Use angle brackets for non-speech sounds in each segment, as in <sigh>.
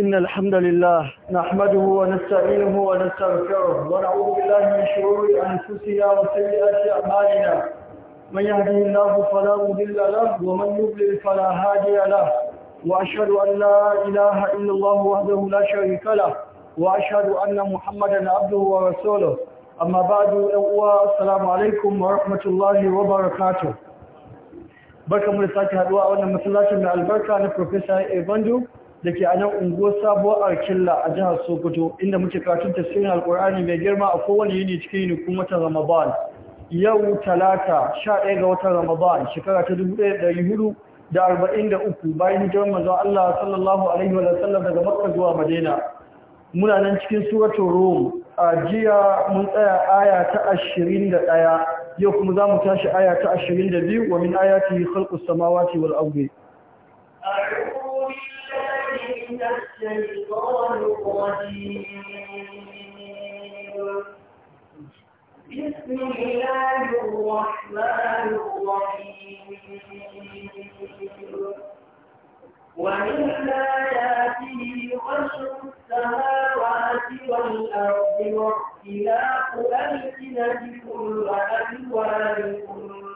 إن الحمد لله نحمده ونستعينه ونستغفره ونعوذ بالله من شرور أنفسنا وسيئات أعمالنا من يهده الله فلا مضل له ومن يضلل فلا هادي له وأشهد أن لا إله إلا الله وحده لا شريك له وأشهد أن محمدا عبده ورسوله أما بعد السلام عليكم ورحمة الله وبركاته barkamu da sake haduwa a wannan masallacin mai albarka na Professor Evandu da ke anan unguwar sabuwar arkilla a jihar sokoto inda muke karatun tasirin alkur'ani mai girma a kowane yini cikin kuma ta ramadan yau talata 11 ga watan ramadan shekara ta 1443 bayan hijirar manzo Allah sallallahu alaihi wa sallam daga makka zuwa madina muna nan cikin suratul rum a jiya mun tsaya aya ta 21 yau kuma zamu tashi aya ta 22 wa min ayati khalqus samawati wal ardi من الشيطان الرجيم بسم الله الرحمن الرحيم ومن آياته خشع السماوات والأرض واختلاف ألسنتكم وألوانكم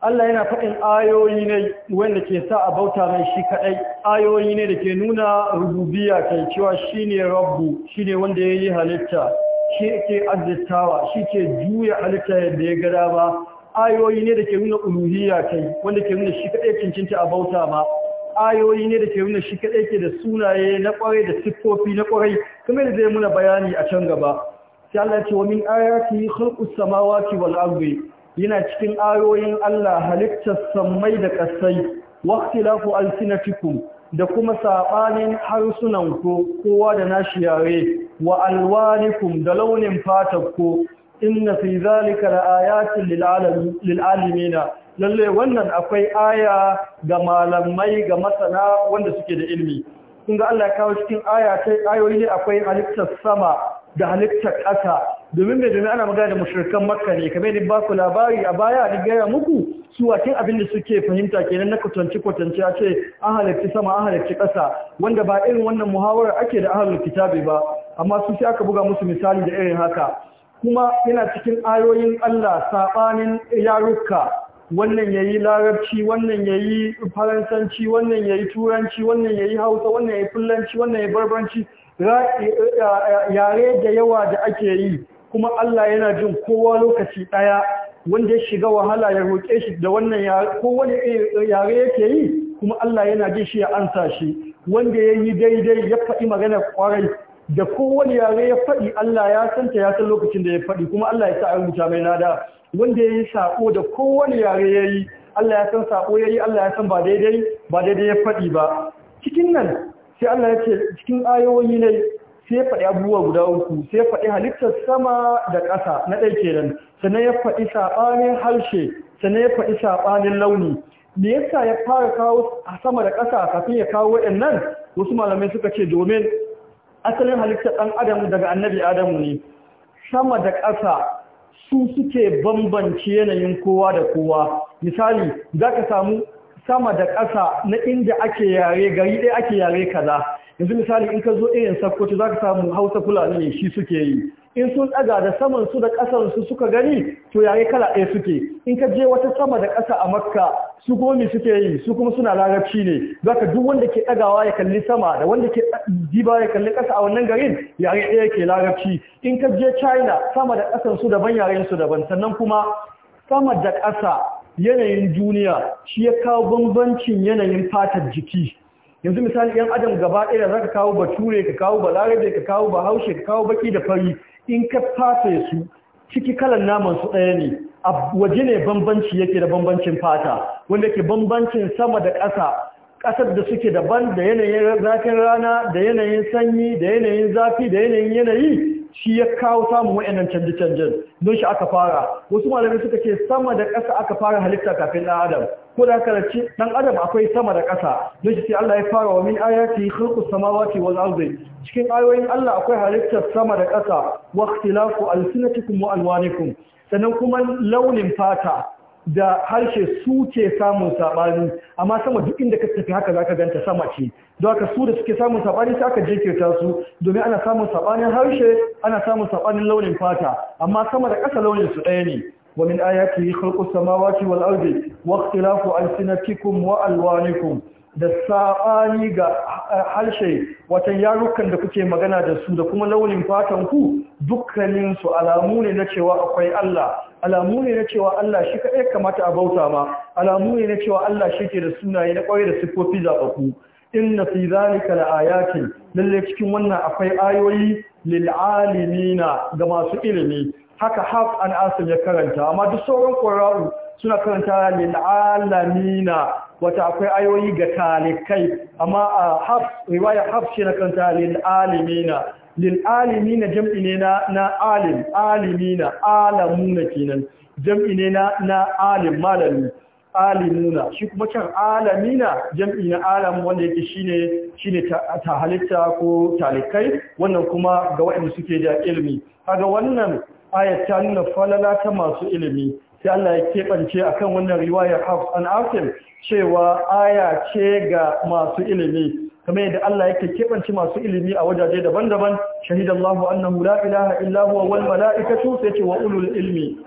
Allah yana faɗin ayoyi ne wanda ke sa a bauta mai shi kaɗai, ayoyi ne da ke nuna rububiya kai cewa shi ne rabbu, shi ne wanda ya yi halitta, shi ke arzikawa, shi ke juya halitta yadda ya gada ba, ayoyi ne da ke nuna uluhiyya kai wanda ke nuna shi kaɗai cincinta a bauta ma, ayoyi ne da ke nuna shi kaɗai ke da sunaye na ƙwarai da siffofi na ƙwarai kuma da zai muna bayani a can gaba sai Allah ce wa min ayati khalqus samawati wal ardi yana cikin ayoyin Allah halittar samai da ƙasai wa ikhtilafu alsinatikum da kuma saɓanin harsunan ko kowa da nashi yare wa alwanikum da launin fatar ko inna fi zalika la ayatin lil alimina lalle wannan akwai aya ga malamai ga masana wanda suke da ilimi kun ga Allah ya kawo cikin aya sai ayoyi ne akwai halittar sama da halittar ƙasa domin bai domin ana magana da mushrikan makka ne kamar ni ba ku labari a baya ni gaya muku su wakin abin da suke fahimta kenan na kwatanci kwatanci a ce an halarci sama an halarci ƙasa wanda ba irin wannan muhawara ake da ahlul kitabi ba amma su sai aka buga musu misali da irin haka kuma yana cikin ayoyin Allah sabanin yaruka wannan ya yi larabci wannan ya yi faransanci wannan ya yi turanci wannan ya yi hausa wannan ya yi fulanci wannan ya yi barbanci e, e, yare da yawa da ake yi kuma Allah yana jin kowa lokaci ɗaya wanda ya shiga wahala ya roƙe shi da wannan yare e, yare yake yi kuma Allah yana jin shi ya ansa shi wanda ya yi daidai ya faɗi magana ƙwarai da kowane yare ya faɗi Allah ya santa ya san lokacin da ya faɗi kuma Allah ya sa a rubuta mai nada wanda ya yi saƙo da kowane yare ya yi Allah ya san sako ya yi Allah ya san ba daidai ba daidai ya faɗi ba cikin nan sai Allah ya ce cikin ayoyi ne sai ya faɗi abubuwa guda uku sai ya faɗi halittar sama da ƙasa na ɗaya kenan sannan ya faɗi saɓanin harshe sannan ya faɗi saɓanin launi me yasa ya fara kawo sama da ƙasa kafin ya kawo waɗannan wasu malamai suka ce domin asalin halittar ɗan adam daga annabi adamu ne sama da ƙasa su suke bambanci yanayin kowa da kowa misali za ka samu sama da ƙasa na inda ake yare gari ɗaya ake yare kaza yanzu misali in ka zo irin sakkwato za ka samu hausa fulani ne shi suke yi in sun ɗaga da saman da ƙasar suka gani to yayi kala ɗaya suke in ka je wata sama da ƙasa a makka su gomi suke yi su kuma suna larabci ne zaka duk wanda ke ɗagawa ya kalli sama da wanda ke diba ya kalli ƙasa a wannan garin yare ɗaya ke larabci in ka je china sama da ƙasar daban yarensu daban sannan kuma sama da ƙasa yanayin duniya shi ya kawo bambancin yanayin fatar jiki yanzu misali yan adam gaba ɗaya za kawo bature ka kawo balarabe ka kawo bahaushe ka kawo baki da fari in ka fata su ciki kalan naman su ɗaya ne a waje ne bambanci yake da bambancin fata wanda ke bambancin sama da ƙasa ƙasar da suke daban da yanayin zafin rana da yanayin sanyi da yanayin zafi da yanayin yanayi shi ya kawo samun wa'annan canje-canjen don shi aka fara wasu malamai suka ce sama da ƙasa aka fara halitta kafin ɗan adam ko da aka race ɗan adam akwai sama da ƙasa don shi sai Allah ya fara wa min ayati khalqu samawati wal ardi cikin ayoyin Allah akwai halittar sama da ƙasa wa ikhtilafu alsinatikum wa alwanikum sannan kuma launin fata da harshe su ke samun sabani amma sama duk inda ka tafi haka zaka ganta sama ce don haka su da suke samun saɓani sai aka jirkirta su domin ana samun sabanin harshe ana samun saɓanin launin fata amma sama da ƙasa launin su ɗaya ne wa min ayati khalqus samawati wal ardi wa ikhtilafu alsinatikum wa alwanikum da sa'ani ga harshe watan yarukan da kuke magana da su da kuma launin fatan ku dukkaninsu alamu ne na cewa akwai Allah alamu ne na cewa Allah shi kaɗai kamata a bauta ma alamu ne na cewa Allah shi ke da sunaye na kwai da siffofi zaɓaɓɓu inna fi zalika ayati lalle cikin wannan akwai ayoyi lil alimina ga masu ilimi haka haf an asim ya karanta amma duk sauran qurra'u suna karanta lil wata akwai ayoyi ga talikai amma a haf riwaya haf shi na kanta lil alimina lil alimina jam'i ne na na alim alimina alamuna kenan jam'i ne na na alim malami alimuna shi kuma can alamina jam'i na alam wanda yake shine shine ta halitta ko talikai wannan kuma ga waɗanda suke da ilimi kaga wannan ayat ta nuna falala ta masu ilimi sai Allah ya keɓance a kan wannan riwayar Hafs an Asim cewa aya ce ga masu ilimi kamar yadda Allah yake keɓance masu ilimi a wajaje daban-daban shahidallahu annahu la ilaha illa huwa wal mala'ikatu sai ce wa ulul ilmi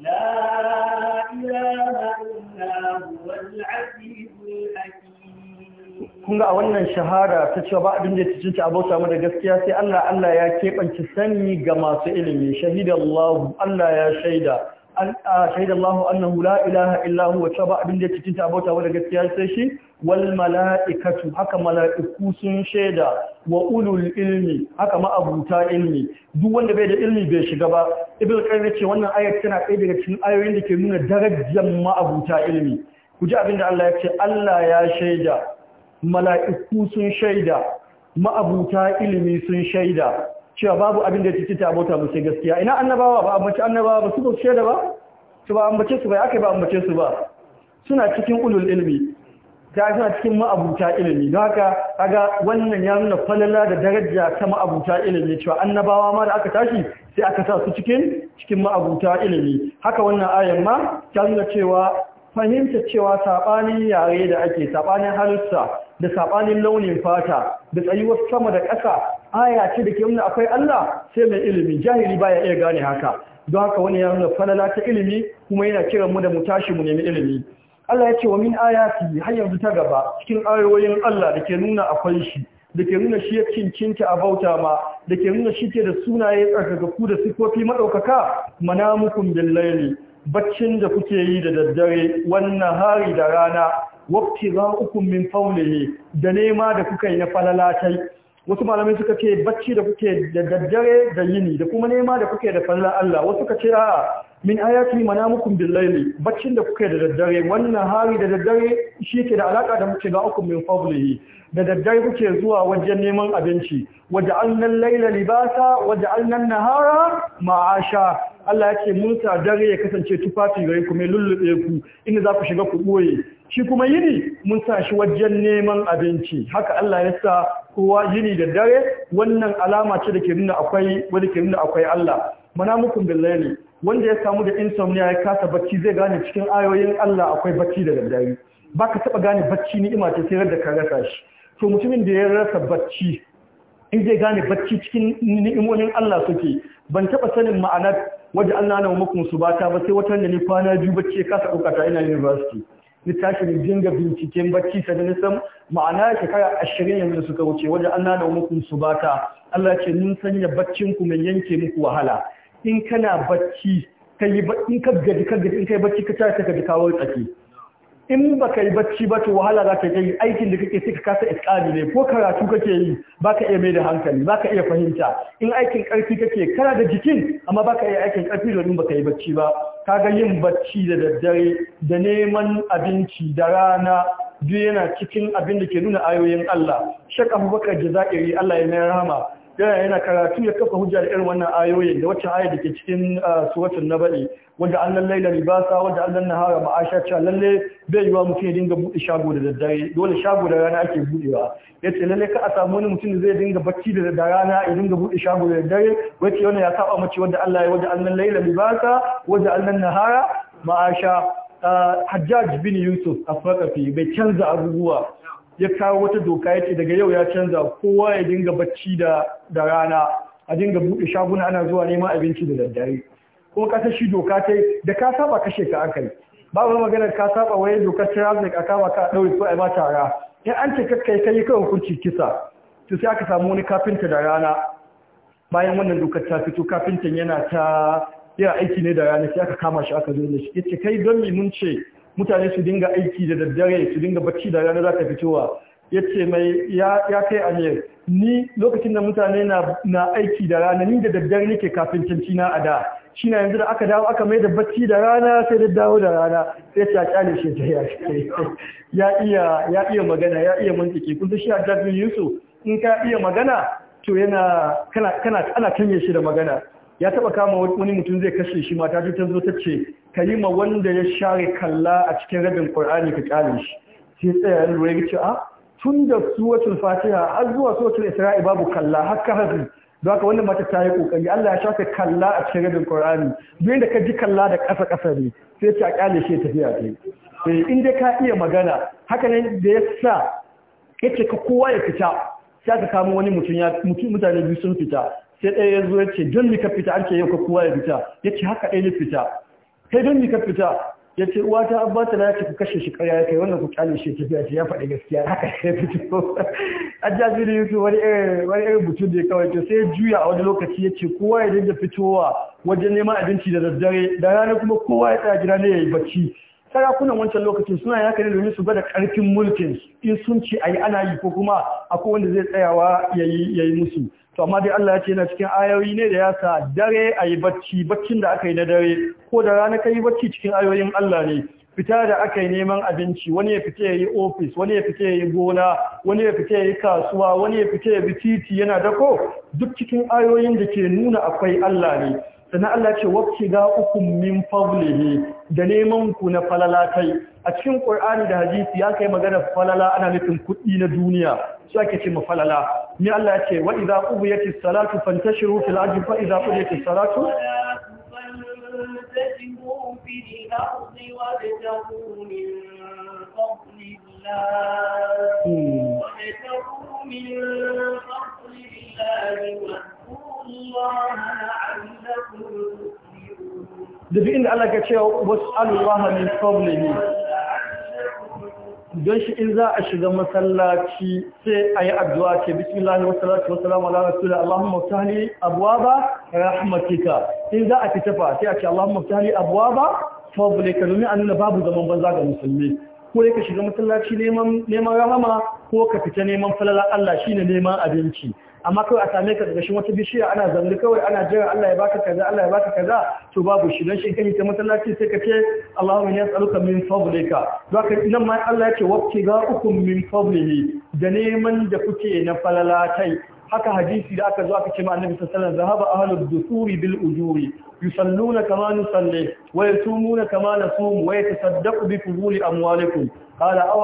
لا إله إلا هو العزيز kun ga a wannan shahara ta cewa ba abin da ta cinta abota mu da gaskiya sai Allah Allah ya kebance sani ga masu ilimi shahidallahu Allah ya shaida shahidallahu annahu la ilaha illa huwa cewa ba abin da ta cinta abota mu da gaskiya sai shi wal mala'ikatu haka mala'iku sun shaida wa ulul ilmi haka ma'abuta ilmi duk wanda bai da ilmi bai shiga ba ibnu qayyim ce wannan ayat tana ɗaya daga cikin ayoyin da ke nuna darajar ma ma'abuta ilmi ku ji abin da Allah ya ce Allah ya shaida mala'iku sun shaida ma'abuta ilimi sun shaida cewa babu abin da yake abota mu sai gaskiya ina annabawa ba ambaci annabawa ba su ba shaida ba su ba ambace su ba kai ba ambace su ba suna cikin ulul ilmi ta suna cikin ma'abuta ilimi don haka kaga wannan ya nuna falala da daraja ta ma'abuta ilimi cewa annabawa ma da aka tashi sai aka sa su cikin cikin ma'abuta ilimi haka wannan ayan ma ta nuna cewa fahimta cewa sabanin yare da ake sabanin halitta da saɓanin launin fata da tsayuwar sama da ƙasa aya ce da ke nuna akwai Allah sai mai ilimi jahili baya iya gane haka don haka wani ya nuna falala ta ilimi kuma yana kiran mu da mu tashi mu nemi ilimi Allah ya ce wa min ayati har yanzu ta gaba cikin ayoyin Allah da ke nuna akwai shi da ke nuna shi ya cincinta a bauta ma da ke nuna shi ke da sunaye tsarkakaku da sifofi maɗaukaka manamukun billahi baccin da kuke yi da daddare wannan hari da rana wakti za ukun min faulihi da nema da kuka yi na falalatai wasu malamai suka ce bacci da kuke da daddare da yini da kuma nema da kuke da fallan Allah wasu suka ce a min ayati manamukum bil baccin da kuke da daddare wannan hari da daddare shi ke da alaka da muke ga ukun min faulihi da daddare kuke zuwa wajen neman abinci waja'alna al laila libasa waja'alna an-nahara ma'asha Allah ya ce mun sa dare ya kasance tufafi gare ku mai lullube ku inda za ku shiga ku ɓoye shi kuma yini mun sa shi wajen neman abinci haka Allah ya sa kowa yini da dare wannan alama ce da ke nuna akwai wanda ke nuna akwai Allah Mana muku billahi wanda ya samu da insomnia ya kasa bacci zai gane cikin ayoyin Allah akwai bacci da daddare baka taba gane bacci ima ce sai da ka rasa shi to mutumin da ya rasa bacci in zai gane bacci cikin ni'imomin Allah suke ban taba sanin ma'anar waje Allah na muku bata ba sai watan da ni kwana biyu bacci kasa dauka ta ina university ni tashi ni dinga binciken bacci da na san ma'ana shekara 20 yanzu suka wuce waje Allah na muku bata. Allah ce mun sanya baccin ku mai yanke muku wahala in kana bacci kai in ka gaji ka gaji in kai bacci ka tashi ka kawo tsaki in baka yi bacci ba to wahala za ka yi aikin da kake sai kasa iskali ne ko karatu kake yi ba ka iya mai da hankali ba ka iya fahimta in aikin karfi kake kana da jikin amma ba ka iya aikin karfi domin baka yi bacci ba Ka ga yin bacci da daddare da neman abinci da rana duk yana cikin abin da ke nuna ayoyin Allah shek abubakar jazairi Allah ya mai rahama yana yana karatu ya kafa hujja da irin wannan ayoyin da wacce ayar da ke cikin uh, na baɗi wanda lallai laila libasa wanda lallai nahara ma'asha cewa lalle bai yiwa mutum ya dinga buɗe shago da daddare dole shago da rana ake ya yace lallai ka a samu wani mutum da zai dinga bacci da da rana ya dinga buɗe shago da daddare wace wani ya saba mace wanda Allah ya wanda lallai da libasa wanda lallai nahara ma'asha uh, Hajjaj bin Yusuf a bai canza abubuwa ya kawo wata doka ya ce daga yau ya canza kowa ya dinga bacci da rana a dinga buɗe shaguna ana zuwa neman abinci da daddare ko ka shi doka ta da ka saba kashe ka aka yi ba wani magana ka saba wani dokar traffic a kama ka ɗaure ko a ma tara in an ce kakkai kai kawai hukunci kisa to sai aka samu wani kafinta da rana bayan wannan dokar ta fito kafintan yana ta yana aiki ne da rana sai aka kama shi aka zo da shi yace kai don me mun ce mutane su dinga aiki da daddare su dinga bacci da rana za ka fi ya ce mai ya kai amir ni lokacin da mutane na aiki da rana ni da daddare nake kafin canci na a da shi na yanzu da aka dawo aka mai da bacci da rana sai da dawo da rana sai ta kyale shi ta <laughs> ya iya ya iya magana ya iya mantiki kun shi Abdul Yusuf in ka iya magana to yana kana kana ana canye shi da magana ya taba kama wani mutum zai kashe shi mata ta zo ta ce ka ma wanda ya share kalla a cikin rabin qur'ani ka kyale shi sai tsaya ya lura ya ce a ah, tun da suwatul fatiha har zuwa suwatul isra'i babu kalla har ka hazi don haka wannan mata ta yi kokari Allah ya shafe kalla a cikin rabin qur'ani duk da ka ji kalla da ƙasa ƙasa ne sai ta kyale shi tafiya ta yi eh, in dai ka iya magana haka ne da ya sa yace ka kowa ya fita sai ka kama wani mutum ya mutane biyu sun fita sai ɗaya ya zo ya ce don nika ka fita an ce yau ka kowa ya fita ya ce haka ɗaya ni fita kai don nika ka fita ya ce uwa ta abba ta ya ku kashe shi karya ya kai wannan ku kyale shi tafiya ce ya faɗi gaskiya haka ya fito A <laughs> yake wani wani irin mutum da ya kawai to sai ya juya a wani lokaci ya ce kowa ya dinga fitowa wajen neman abinci da daddare da rana kuma kowa ya tsaya gida ne ya yi bacci sarakunan wancan lokacin suna ya ne domin su gwada ƙarfin mulkin in sun ce ayi ana yi ko kuma akwai wanda zai tsayawa ya yi musu to amma dai Allah ya ce na cikin ayoyi ne da ya sa dare a yi bacci baccin da aka yi na dare ko da rana ka yi bacci cikin ayoyin Allah ne fita da aka yi neman abinci wani ya fita ya yi ofis wani ya fita ya yi gona wani ya fita ya yi kasuwa wani ya fita ya bi titi yana da ko? duk cikin ayoyin da ke nuna akwai Allah ne sannan Allah ce wacce ga ukun min fawlihi da neman ku na falala kai a cikin Qur'ani da hadisi ya kai magana falala ana nufin kuɗi na duniya su ake ce mu falala ni Allah ya ce wa idza qudiyatis salatu fantashiru fil ardi fa idza qudiyatis salatu hmm. da fi inda Allah ka ce wasu Allah min fadlihi don shi in za a shiga masallaci sai a yi addu'a ce bismillahir wassalatu wassalamu ala rasulillah allahumma ftahli abwaba rahmatika in za a fita fa sai a ce allahumma ftahli abwaba fadlika domin an nuna babu zaman banza ga musulmi ko ka shiga masallaci neman neman rahama ko ka fita neman falala, Allah shine neman abinci amma kawai a same ka daga shi wata bishiya ana zanne kawai ana jira Allah ya baka kaza Allah ya baka kaza to babu shi dan shi kai ta masallaci sai ka ce Allahumma ya as'aluka min fadlika zaka nan ma Allah ya ce ukum min fadlihi da neman da kuke na falalatai haka hadisi da aka zo aka ce ma annabi sallallahu alaihi wasallam zahaba ahlud dukuri bil ujuri yusalluna kama nusalli wa yasumuna kama nasum wa yatasaddaqu bi fuduli amwalikum qala aw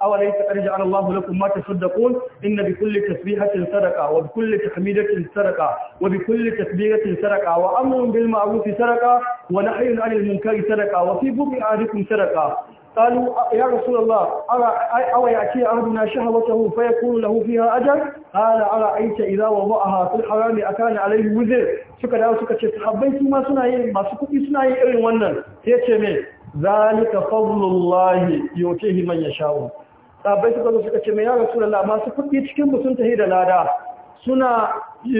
aw laysa qad ja'ala Allahu lakum ma tasaddaqun inna bi kulli tasbihatin sadaqa wa bi kulli tahmidatin sadaqa wa bi kulli tasbihatin sadaqa wa amrun bil ma'ruf sadaqa wa nahyun 'anil munkari sadaqa wa fi bu'adikum sadaqa قالوا يا رسول الله أو يأتي أهدنا شهوته فيكون له فيها أجر قال أرأيت إذا وضعها في الحرام أكان عليه وزر suka dawo suka ce sahabbai su ma suna yin masu kuɗi suna yin irin wannan ya ce me zalika fadlullahi yutihi man yasha'u sahabbai suka zo suka ce me ya rasulullah masu kuɗi cikin mu sun tahi da lada suna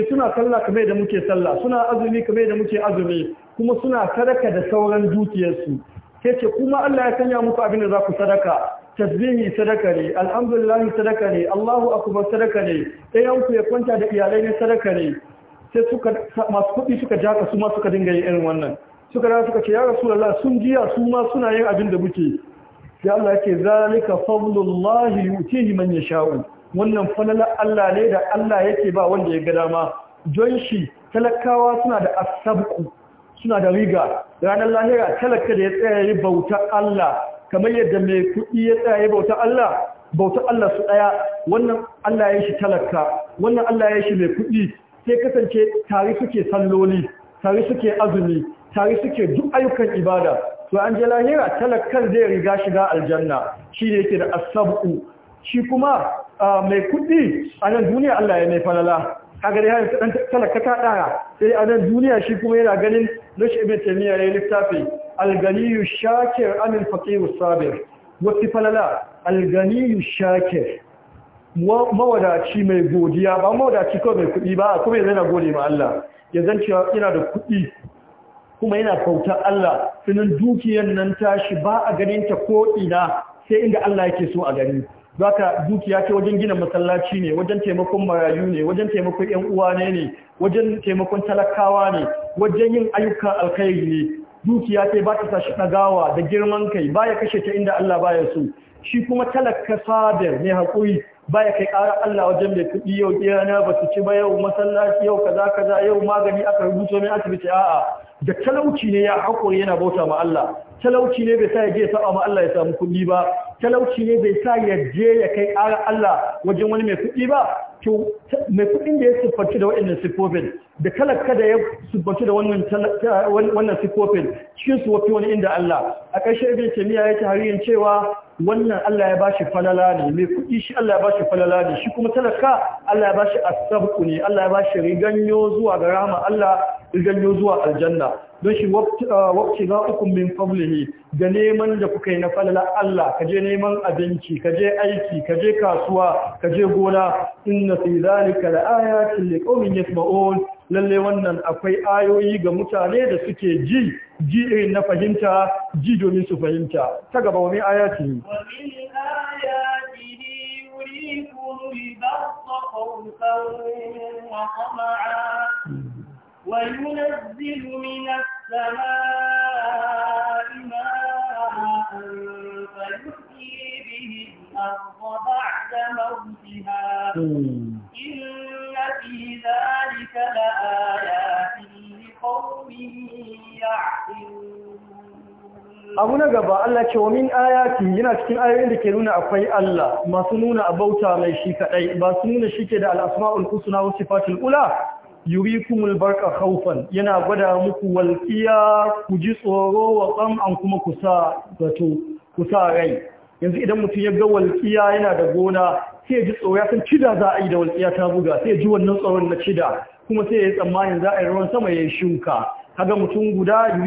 suna sallah da muke sallah suna azumi kamar da muke azumi kuma suna sadaka da sauran dukiyarsu sai ce kuma Allah ya sanya muku abin da za ku sadaka tasbihi sadaka ne alhamdulillah sadaka ne Allahu akbar sadaka ne ɗayan ku ya kwanta da iyalai ne sadaka ne sai suka masu kuɗi suka jaka su ma suka dinga yin irin wannan suka da suka ce ya rasulullah sun jiya su ma suna yin abin da muke sai Allah ya zalika fadlullahi yutihi man yasha'u wannan falalar Allah ne da Allah yake ba wanda ya ga dama don shi talakawa suna da asabku suna da riga ranar lahira talaka da ya tsaya yi bautar Allah kamar yadda mai kuɗi ya tsaya yi bautar Allah bautar Allah su ɗaya wannan Allah ya shi talaka wannan Allah ya shi mai kuɗi sai kasance tare suke salloli tare suke azumi tare suke duk ayyukan ibada to an je lahira talakar zai riga shiga aljanna shi ne yake da asabu shi kuma ah, mai kuɗi a nan duniya Allah ya mai falala agar ya dan talaka ta daya sai a nan duniya shi kuma yana ganin nashi ibn Taymiyyah ya littafi Alganiyu shakir amin Fakiru sabir Wasu falala al shakir mawadaci mai godiya ba mawadaci kawai mai kuɗi ba kuma yana gode ma Allah ya zan cewa yana da kuɗi kuma yana kautar Allah sunan dukiyar nan tashi ba a ganin ta ko sai inda Allah yake so a gani zaka dukiya ce wajen gina masallaci ne wajen taimakon marayu ne wajen taimakon yan uwa ne ne wajen taimakon talakawa ne wajen yin ayyukan alkhairi ne dukiya ce ba ta sashi dagawa da girman kai Ba ya kashe ta inda Allah baya so shi kuma talaka sabir ne hakuri ya kai ƙara Allah wajen mai kuɗi yau kiyana ba su ci ba yau masallaci yau kaza kaza yau magani aka rubuto mai asibiti a'a da talauci ne ya haƙuri yana bauta ma Allah talauci ne bai sa ya je ya saba ma Allah ya samu kuɗi ba talauci ne bai sa ya je ya kai ƙara Allah wajen wani mai kuɗi ba to mai kuɗin da ya siffanci da waɗannan sifofin da talaka da ya siffanci da wannan wannan siffofin cikin su wani inda Allah a ƙarshe ibn Taymiyyah ya ta hariyin cewa wannan Allah ya bashi falala ne mai kuɗi shi Allah ya bashi falala ne shi kuma talaka Allah ya bashi asab'u ne Allah ya bashi riganyo zuwa ga rahama Allah riganyo zuwa aljanna don shi wabci ah, za uku min fablihi da neman da kuka yi na falala Allah ka je neman abinci ka je aiki ka je kasuwa ka je gona inna fi zalika la ayatin liqaumin yasma'un lalle wannan akwai ayoyi ga mutane da suke ji ji irin na fahimta ji domin su fahimta ta gaba wani ayati ne وينزل من السماء ماء فيحيي به الأرض بعد موتها في ذلك لآيات لقوم يعقلون abu na gaba Allah ce wa min yana cikin ayoyin da ke nuna akwai Allah masu nuna abauta mai shi kadai ba su nuna shi ke da asma'ul husna wa sifatul ula yurikumul barka khawfan yana gwada muku walqiya ku ji tsoro wa an kuma kusa wato kusa rai yanzu idan mutum ya ga walƙiya yana da gona sai ya ji tsoro ya san cida za a yi da walƙiya ta buga sai ya ji wannan tsoron na cida kuma sai ya yi tsammanin za a yi ruwan sama ya yi shuka kaga mutum guda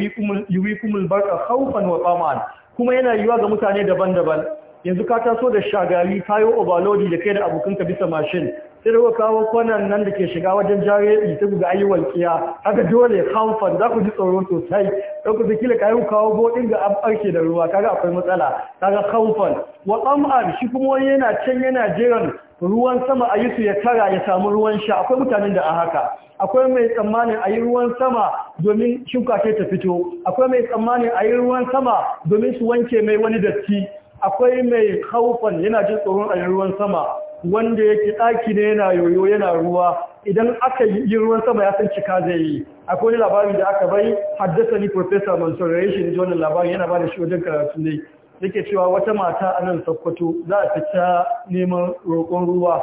yuwi kumul barka haufan wa tsaman kuma yana yiwa ga mutane daban-daban yanzu ka taso da shagali kayo obalodi da kai da abokanka bisa mashin sai da kawo kwanan nan da ke shiga wajen jari'i ta guga ayyuwar kiya haka dole kamfan za ku ji tsoron sosai don ku zikila ka yi kawo bodin ga an da ruwa kaga akwai matsala kaga kamfan wa tsam'ar shi kuma wani yana can yana jiran ruwan sama a yi su ya tara ya samu ruwan sha akwai mutanen da a haka akwai mai tsammanin a yi ruwan sama domin shuka ta fito akwai mai tsammanin a yi ruwan sama domin su wanke mai wani datti akwai mai haufan yana jin tsoron a yi ruwan sama wanda yake ɗaki ne yana yoyo yana ruwa idan aka yi ruwan sama ya san cika zai yi akwai wani labari da aka bai haddasa ni professor mansur rashi ne wannan labari yana ba da shi wajen karatu ne yake cewa wata mata a nan sokoto za a fita neman roƙon ruwa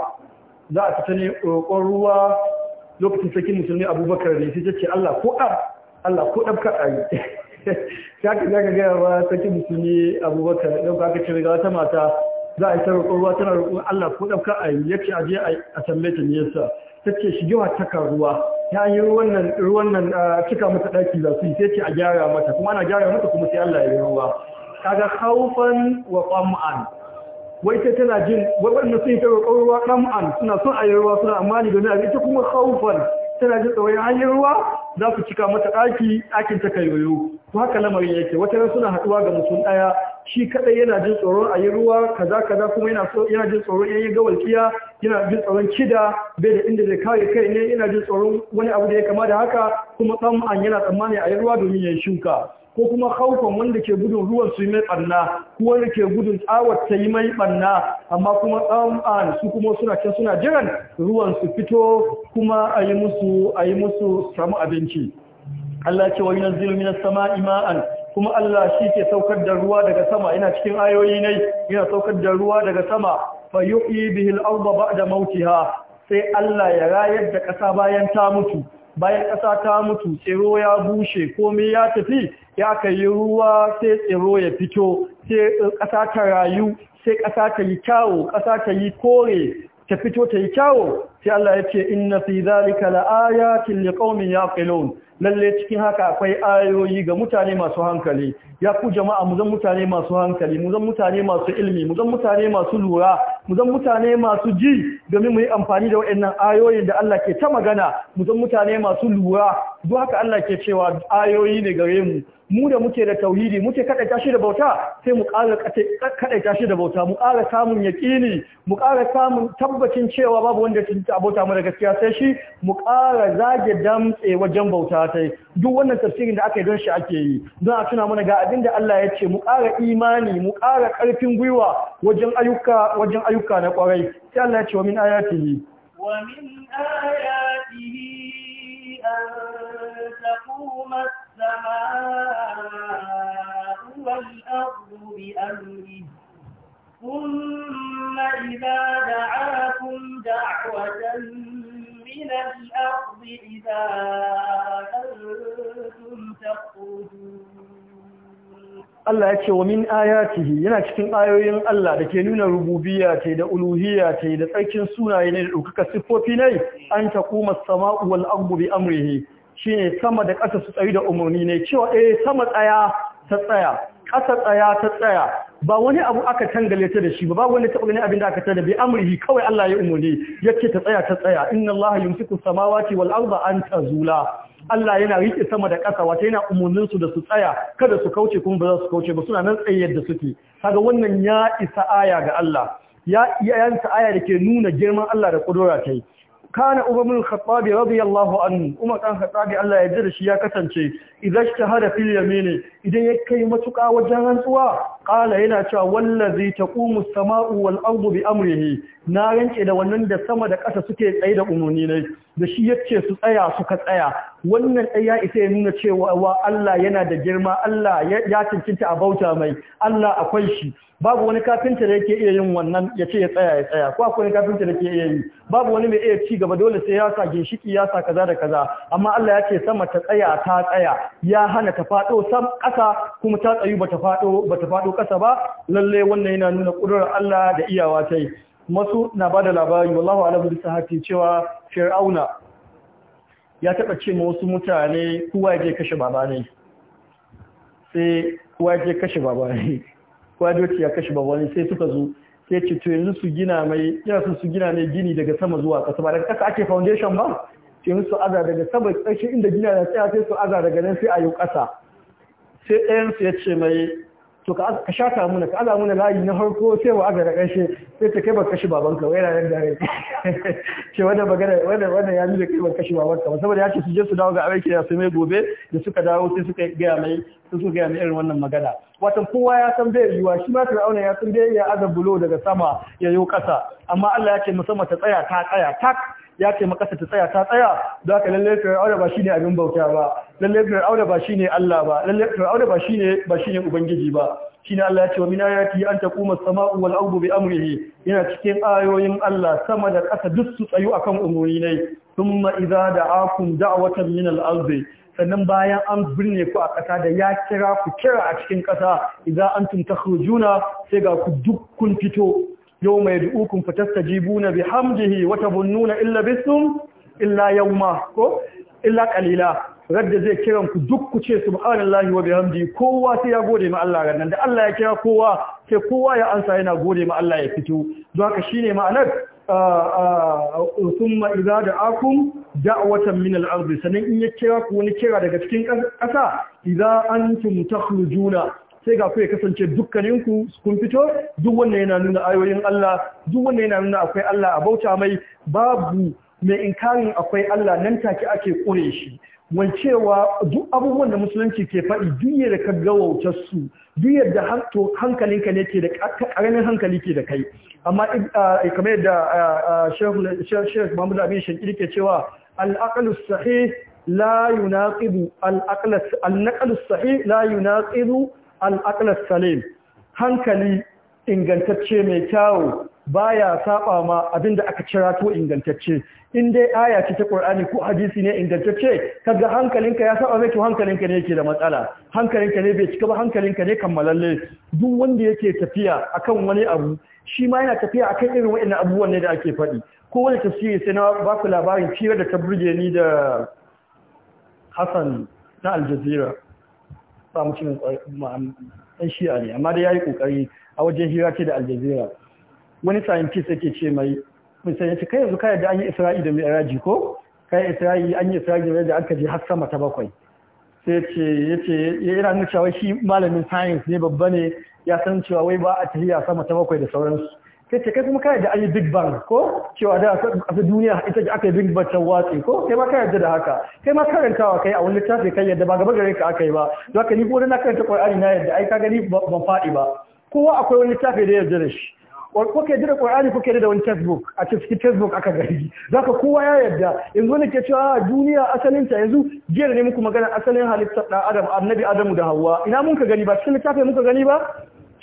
za a fita ne roƙon ruwa lokacin sarkin musulmi abubakar ne sai ta ce allah ko ɗan allah ko ɗan ka ɗari <laughs> sai gaya wa sarkin musulmi abubakar ɗauka aka ce ga wata mata za a yi ta ruwa tana roƙon Allah ko ɗauka a yi yake a je a sallai ta nesa ta ce shige wa taka ruwa ta yi ruwan ruwan cika mata ɗaki za su yi sai ce a gyara mata kuma ana gyara mata kuma sai Allah ya yi ruwa kaga haufan wa qam'an wai ta tana jin waɗanda sun yi ta ruwa qam'an suna son a yi ruwa suna amma ni domin a ita kuma haufan tana jin tsawon hanyar ruwa za ku cika mata ɗaki ɗakin ta kai kayoyo to haka lamarin yake wata ran suna haɗuwa ga mutum ɗaya shi kaɗai yana jin tsoron a yi ruwa kaza kaza kuma yana yana jin tsoron yayin gawalkiya yana jin tsoron kida bai da inda zai kare kai ne yana jin tsoron wani abu da ya kama da haka kuma tsamman yana tsammani a yi ruwa domin ya shuka ko kuma haukon wanda ke gudun ruwan su yi mai ɓanna ko wanda ke gudun tsawar ta yi mai ɓanna amma kuma tsam'an su kuma suna can suna jiran ruwan su fito kuma a yi musu a yi musu samu abinci Allah ce wani nan zilmi na sama ima'an. kuma Allah shi ke saukar da ruwa daga sama ina cikin ayoyi ne Ina saukar da ruwa daga sama fa yuhyi bihi al-ardha mautiha sai Allah ya rayar da ƙasa bayan ta mutu bayan ƙasa ta mutu tsiro ya bushe komai ya tafi ya ka yi ruwa sai tsiro ya fito sai eh, ƙasa ta rayu sai ƙasa ta yi kyawo ƙasa ta yi kore ta fito ta yi kyawo sai Allah ya ce inna fi zalika la'ayatin liqaumin yaqilun lalle cikin haka akwai ayoyi ga mutane masu hankali ya ku jama'a mu zan mutane masu hankali mu zan mutane masu ilimi mu zan mutane masu lura mu zan mutane masu ji domin mu yi amfani da waɗannan ayoyin da Allah ke ta magana mu zan mutane masu lura duk haka Allah ke cewa ayoyi ne gare mu mu da muke da tauhidi muke kada tashi da bauta sai mu ƙara kada tashi da bauta mu ƙara samun yaƙini mu ƙara samun tabbacin cewa babu wanda ya cinta abota mu da gaskiya sai shi mu ƙara zage damtse wajen bauta ta duk wannan tafsirin da aka yi don shi ake yi don a tuna mana ga abin da Allah ya ce mu ƙara imani mu ƙara ƙarfin gwiwa wajen ayyuka wajen ayyuka na kwarai. sai Allah ya ce wa min ayatihi wa min ayatihi an taqumat السماء والأرض بأمره ثم إذا دعاكم دعوة من الأرض إذا أنتم تخرجون Allah ya ce wa min ayatihi yana cikin ayoyin Allah da ke nuna rububiyya ce da uluhiyya ce da tsarkin sunaye ne da dukkan siffofi ne an taquma as-sama'u wal ardu bi amrihi shi ne sama da ƙasa su tsayi da umarni ne cewa eh sama tsaya ta tsaya ƙasa tsaya ta tsaya ba wani abu aka tangale ta da shi ba wani taɓa ganin abin da aka tada bai amurhi kawai Allah ya umarni Ya ce ta tsaya ta tsaya inna Allah yumsiku samawati wal arda an tazula Allah yana rike sama da ƙasa wata yana umarnin su da su tsaya kada su kauce kuma ba za su kauce ba suna nan tsaye yadda suke kaga wannan ya isa aya ga Allah ya ayansa aya da ke nuna girman Allah da kudura ta yi kana ubamul khattabi radiyallahu anhu umar dan khattabi Allah ya jira shi ya kasance idan shahada fil yamini idan ya kai matuka wajen rantsuwa ƙala yana cewa wallazi taqumu as-sama'u wal ardu bi amrihi na yanke da wannan da sama da ƙasa suke tsaye da ne da shi yace su tsaya suka tsaya wannan ya isa ya nuna cewa Allah yana da girma Allah ya cancanta a bauta mai Allah akwai shi babu wani kafinta da yake iya yin wannan ya ce ya tsaya ya tsaya ko akwai kafinta da yake iya yi babu wani mai iya ci gaba dole sai ya sa ginshiki ya sa kaza da kaza amma Allah ya ce sama ta tsaya ta tsaya ya hana ta fado sam kasa kuma ta tsayu bata fado bata fado kasa ba lalle wannan yana nuna kudurar Allah da iyawa ta yi masu na bada labari wallahu alamu da sahati cewa fir'auna ya taba ce ma wasu mutane kowa ya je kashe baba ne sai kowa ya je kashe baba ne kwadoci ya kashe babban sai suka zo sai ce to yanzu su gina mai ina su su gina mai gini daga sama zuwa ƙasa ba daga ƙasa ake foundation ba ce su aza daga sama ƙarshe inda gina na tsaya sai su aza daga nan sai a yi ƙasa sai ɗayan su ya ce mai to ka shata muna ka aza muna layi na harko sai wa aga da ƙarshe sai ta kai bakashi kashi babanka wai ranar dare ce <laughs> wadda magana wadda wannan ya nuna kai bakashi kashi babanka musamman saboda ya ce su je su dawo ga aiki ya su mai gobe da suka dawo sai suka gaya mai sun su gaya mai irin wannan magana watan kowa ya san bai yiwa shi ma auna ya san bai ya aza bulo daga sama ya yi kasa amma Allah ya ce musamman ta tsaya ta tsaya tak ya ce makasa ta tsaya ta tsaya don haka lallai fir'auna ba shine abin bauta ba lalle fir'auna ba shine Allah ba lalle fir'auna ba shine ba shine ubangiji ba shine Allah ya ce wa min ayati an taquma as-sama'u wal ardu bi amrihi yana cikin ayoyin Allah sama da ƙasa duk su tsayu akan umuri ne thumma idza da'akum da'watan min al-ardi sannan bayan an birne ku a ƙasa da ya kira ku kira a cikin ƙasa idan an takhrujuna juna sai ga ku duk kun fito yawma yad'ukum fatastajibuna bihamdihi wa tabunnuna illa bisum illa yawma ko illa qalila radda zai kiran ku duk ku ce subhanallahi wa bihamdihi kowa sai ya gode ma Allah ranan da Allah ya kira kowa sai kowa ya ansa yana gode ma Allah ya fito don haka shine ma'anar summa idza da'akum da'watan min al-ard sanan in ya kira ku wani kira daga cikin ƙasa idza antum takhrujuna sai ga ku ya kasance dukkaninku kun fito duk wanda yana nuna ayoyin Allah duk wanda yana nuna akwai Allah a bauta mai babu mai inkarin akwai Allah nan take ake kure shi wancewa duk abubuwan da musulunci ke faɗi duk yadda ka ga su duk yadda hankalinka ne ke da ƙaramin hankali ke da kai amma eh, eh, kamar yadda shekh mahmud abin shankiri ke cewa al'aqalus sahih la yunaqidu al'aqalus sahih la yunaqidu al'aqlas salim hankali ingantacce mai kyawu baya saba ma abinda aka cira to ingantacce in dai aya ce ta Qur'ani ko hadisi ne ingantacce kaga hankalinka ya saba mai to hankalinka ne yake da matsala hankalinka ne bai cika ba hankalinka ne kammalalle duk wanda yake tafiya akan wani abu shi ma yana tafiya akan irin waɗannan abubuwan ne da ake faɗi ko wani tafsiri sai na ba ku labarin cire da ta burge ni da Hassan na Al ba mutumin ɗan shi'a ne amma da ya yi ƙoƙari a wajen hira ce da aljazeera wani scientist yake ce mai misali ya ce kai yanzu kayan da an yi isra'i da mai ko kayan isra'i an yi isra'i da aka je har sama ta bakwai sai ce ya ce yana cewa shi malamin science ne babba ne ya san cewa wai ba a tafiya sama ta bakwai da sauransu sai ce kai kuma ka da ayi big bang ko cewa da a duniya ita aka yi big bang ta watsi ko kai ma ka yadda da haka kai ma karantawa kai a wani littafi kai yadda ba gaba gare ka aka yi ba don haka ni ko na karanta qur'ani na yadda ai ka gani ban faɗi ba kowa akwai wani littafi da yadda da shi ko ke jira Qur'ani ko ke da wani facebook a cikin facebook aka gari zaka kowa ya yadda yanzu ne ke cewa ah, duniya asalin ta yanzu jiyar ne muku magana asalin halitta da Adam annabi Adamu da Hawwa ina mun ka gani ba cikin littafi muka gani ba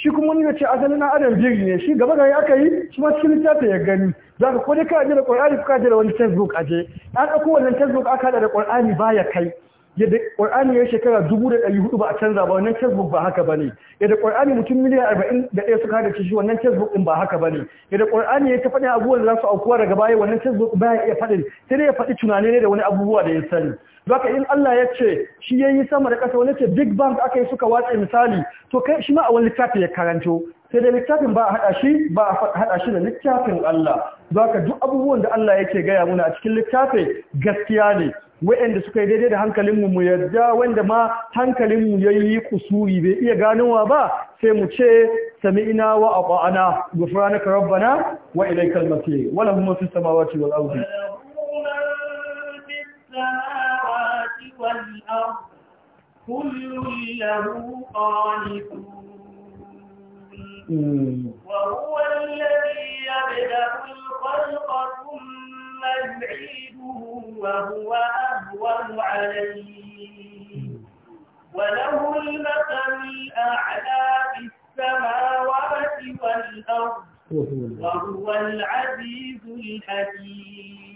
shi kuma wani ya ce asalin na adam biri ne shi gaba gari aka yi shi ma cikin littafi ya gani za ka kodai ka ajiyar da ƙwar'ani ka ajiye da wani a aje an ɗauko wannan facebook aka haɗa da ƙwar'ani ya kai yadda ƙwar'ani ya shekara dubu da ɗari hudu ba a canza ba wannan facebook ba haka ba ne yadda ƙwar'ani mutum miliyan arba'in da ɗaya suka haɗa shi wannan facebook ɗin ba haka ba ne yadda ƙwar'ani ya ta faɗi abubuwan da za su aukuwa daga baya wannan facebook baya iya faɗin sai dai ya faɗi tunani ne da wani abubuwa da ya sani Zaka in Allah ya ce shi ya yi sama da ƙasa wani ce big bang aka yi suka watsa misali to kai shi ma a wani littafi ya karanto sai da littafin ba a haɗa shi ba a haɗa shi da littafin Allah Zaka duk abubuwan da Allah yake gaya muna a cikin littafi gaskiya ne waɗanda suka yi daidai da hankalin mu yarda wanda ma hankalinmu ya yi kusuri bai iya ganowa ba sai mu ce sami'ina wa aqana ghufranaka rabbana wa ilaykal masir wala hum fis samawati wal ardi والأرض كل له قانتون وهو الذي يبدأ الخلق ثم يعيده وهو أهون عليه وله المثل الأعلى في السماوات والأرض وهو العزيز الحكيم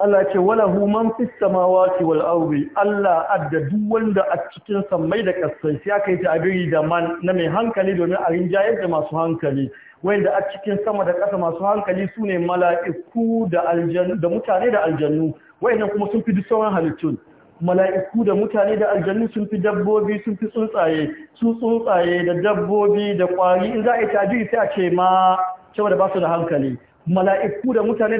Allah ce walahu man fis samawati wal ardi Allah adda duk wanda a cikin sammai da kasai sai aka yi tabiri da man na mai hankali domin a rinjayar da masu hankali wanda a cikin sama da ƙasa masu hankali sune mala'iku da aljannu da mutane da aljannu wayannan kuma sun fi duk sauran halittun mala'iku da mutane da aljannu sun fi dabbobi sun fi tsuntsaye su tsuntsaye da dabbobi da kwari in za a yi tabiri sai a ce ma saboda ba su da hankali mala'iku da mutane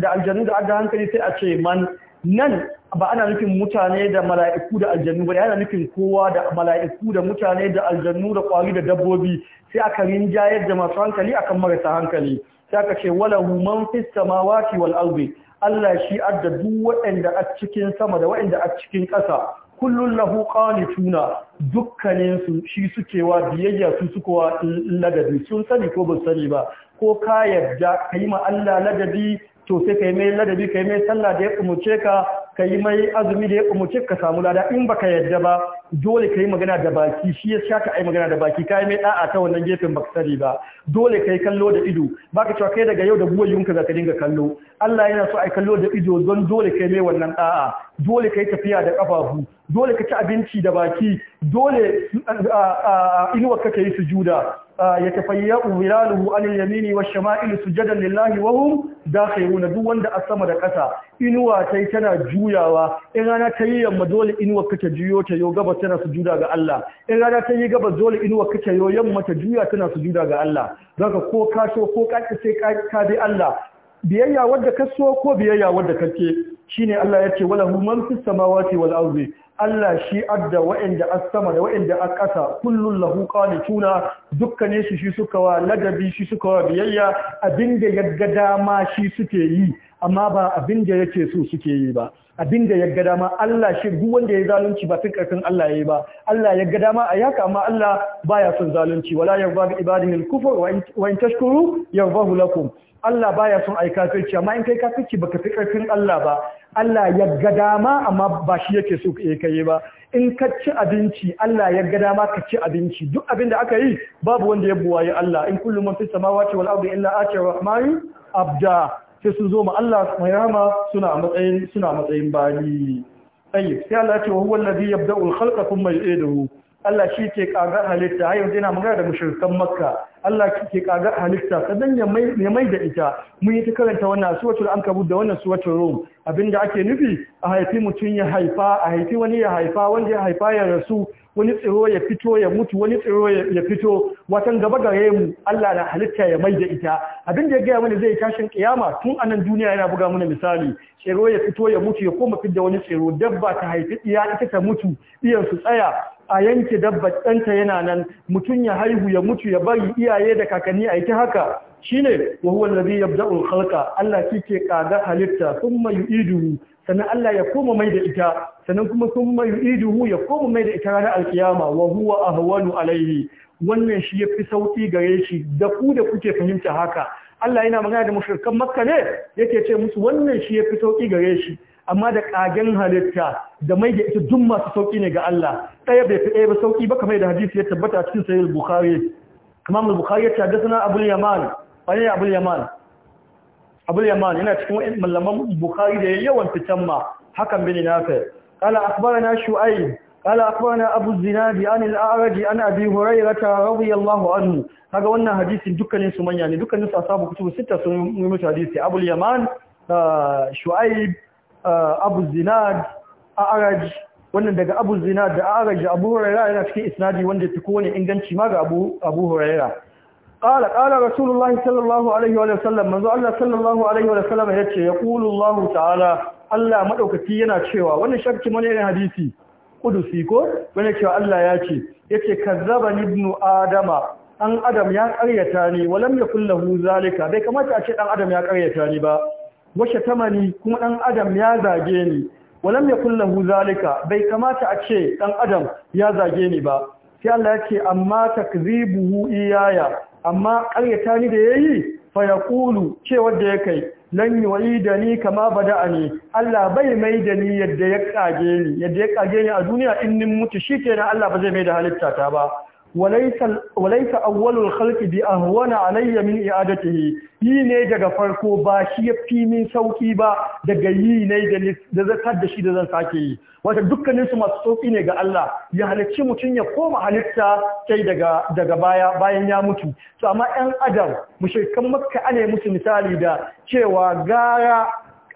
da aljanu da aga hankali sai a ce man nan ba ana nufin mutane da mala'iku da aljanu. ba yana nufin kowa da mala'iku da mutane da aljanu da kwari da dabbobi sai aka rinjayar da masu hankali akan marasa hankali sai aka ce wala man fis samawati wal ardi Allah shi adda duk waɗanda a cikin sama da waɗanda a cikin ƙasa kullun lahu qanituna dukkanin su shi suke wa biyayya su suke wa ladabi sun sani ko ba sani ba ko ka yarda kai ma Allah ladabi to sai kai mai ladabi kai mai sallah da ya umurce ka kai mai azumi da ya umurce ka samu lada in baka yarda ba dole ka yi magana da baki shi ya sha ka magana da baki ka yi mai ɗa'a ta wannan gefen baksari ba dole ka yi kallo da ido baka cewa kai daga yau da buwayyunka za ka dinga kallo Allah yana so yi kallo da ido don dole ka yi mai wannan ɗa'a. dole ka yi tafiya da kafafu dole ka ci abinci da baki dole inuwa ka ta yi sujuda ya tafayya'u wilaluhu anil yamini wa shama'il sujadan lillahi wa hum dakhiruna duk wanda a sama da kasa inuwa tai tana juyawa in rana ta yi yamma dole inuwa ka ta juyo ta yo gabas tana sujuda ga Allah in rana ta yi gaba dole inuwa kace yo yamma ta juya tana sujuda ga Allah zaka ko ka so ko ka sai ka bi Allah biyayya wanda ka so ko biyayya wanda ka kake shine Allah yace wala man fis samawati wal ardi Allah shi adda wa'inda as sama da wa'inda a kasa kullun lahu qanituna dukkanin shi shi suka wa ladabi shi suka wa biyayya abinda yaggada dama shi suke yi amma ba abinda yake so suke yi ba abin da ya ga dama Allah shi duk wanda ya zalunci ba fin karfin Allah yayi ba Allah ya ga dama a yaka amma Allah baya son zalunci wala yarda bi ibadihi al-kufr wa in tashkuru yarzahu lakum Allah baya son ai kafirci amma in kai kafirci baka fi karfin Allah ba Allah ya ga dama amma ba shi yake so ka kai ba in ka ci abinci Allah ya ga dama ka ci abinci duk abin da aka yi babu wanda ya buwaye Allah in kullu man fi samawati wal ardi illa atir rahmani abda sai sun zo ma Allah mai rama suna matsayin suna matsayin bayi ayi sai Allah ya ce wa huwa alladhi yabda'u al-khalqa thumma yu'iduhu Allah shi ke kagar halitta har yanzu yana magana da mushrikan Makka Allah shi ke kagar halitta sannan ya mai ya mai da ita mun yi ta karanta wannan suratul ankabut da wannan suratul rum abinda ake nufi a haifi mutun ya haifa a haifi wani ya haifa wanda ya haifa ya rasu wani tsiro ya fito ya mutu wani tsiro ya fito watan gaba gare mu Allah na halitta ya mai da ita abin da ya gaya mana zai tashin kiyama tun anan duniya yana buga mana misali tsiro ya fito ya mutu ya koma fidda wani tsiro dabba ta haifi iya ita ta mutu iyan su tsaya a yanke dabba ɗanta yana nan mutum ya haihu ya mutu ya bari iyaye da kakanni a ita haka shine wa huwa allazi yabda'u khalqa Allah kike kaga halitta thumma yu'iduhu sannan Allah ya koma mai da ita sannan kuma sun mai hu ya koma mai da ita ranar alkiyama wa huwa ahwanu alaihi wannan shi yafi sauki gare shi da ku da kuke fahimta haka Allah yana magana da mushrikan Makka ne yake ce musu wannan shi yafi sauki gare shi amma da kagen halitta da mai da ita duk masu sauki ne ga Allah ɗaya bai fi ɗaya ba sauki ba kamar da hadisi ya tabbata a cikin sahih al-Bukhari Kamar al-Bukhari ya ce hadathana Abul Yaman Yaman abul yaman yana cikin mallaman bukhari da yawan fitan ma hakan bin nafi qala akhbarana shu'aib qala akhbarana abu zinad yani al-a'raji an abi hurairah radiyallahu anhu kaga wannan hadisin dukkanin su manya ne dukkanin su asabu kutubu sita sun yi mutu hadisi abul yaman ah, shu'aib ah, abu zinad a'raj wannan daga abu zinad da a'raj abu hurairah yana cikin isnadi wanda ya inganci ma ga abu abu hurairah قال قال رسول الله صلى الله عليه وسلم sallallahu alaihi wasallam yace yaqulu Allah ta'ala Allah madaukaki yana cewa wannan shakki mana irin hadisi kudusi ko wani cewa Allah ya ce yace kazzabani ibnu adama dan adam ya karyata ni walam yakul lahu zalika bai kamata a ce dan adam ya karyata ni ba washe tamani kuma dan adam ya zage ni walam yakul lahu zalika bai kamata a ce dan adam ya zage ni ba sai Allah ya ce amma takzibuhu iyaya amma ƙaryata ni da yayi fa ya cewa da yake lan da ni kama bada'ani Allah bai mai da ni yadda ya kage ni yadda ya kage ni a duniya in shi mutu na Allah ba zai mai da halitta ta ba walaisa awwalul khalqi bi ahwana alayya min i'adatihi yi ne daga farko ba shi ya fi min sauki ba daga yi ne da zakar da shi da zan sake yi wata dukkanin su masu sauki ne ga Allah ya halicci mutum ya koma halitta sai daga daga baya bayan ya mutu to amma ɗan adam mushrikan makka ne musu misali da cewa gara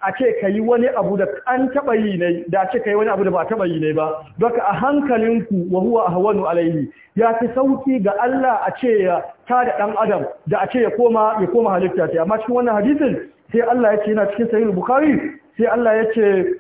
a ce ka yi wani abu da an taɓa yi ne da ce ka yi wani abu da ba taɓa yi ne ba baka a hankalinku wa huwa nu alaihi ya fi sauki ga Allah a ce ya ta da ɗan adam da a ce ya koma ya koma halitta ta amma cikin wannan hadisin sai Allah ya ce yana cikin sahih bukhari sai Allah ya ce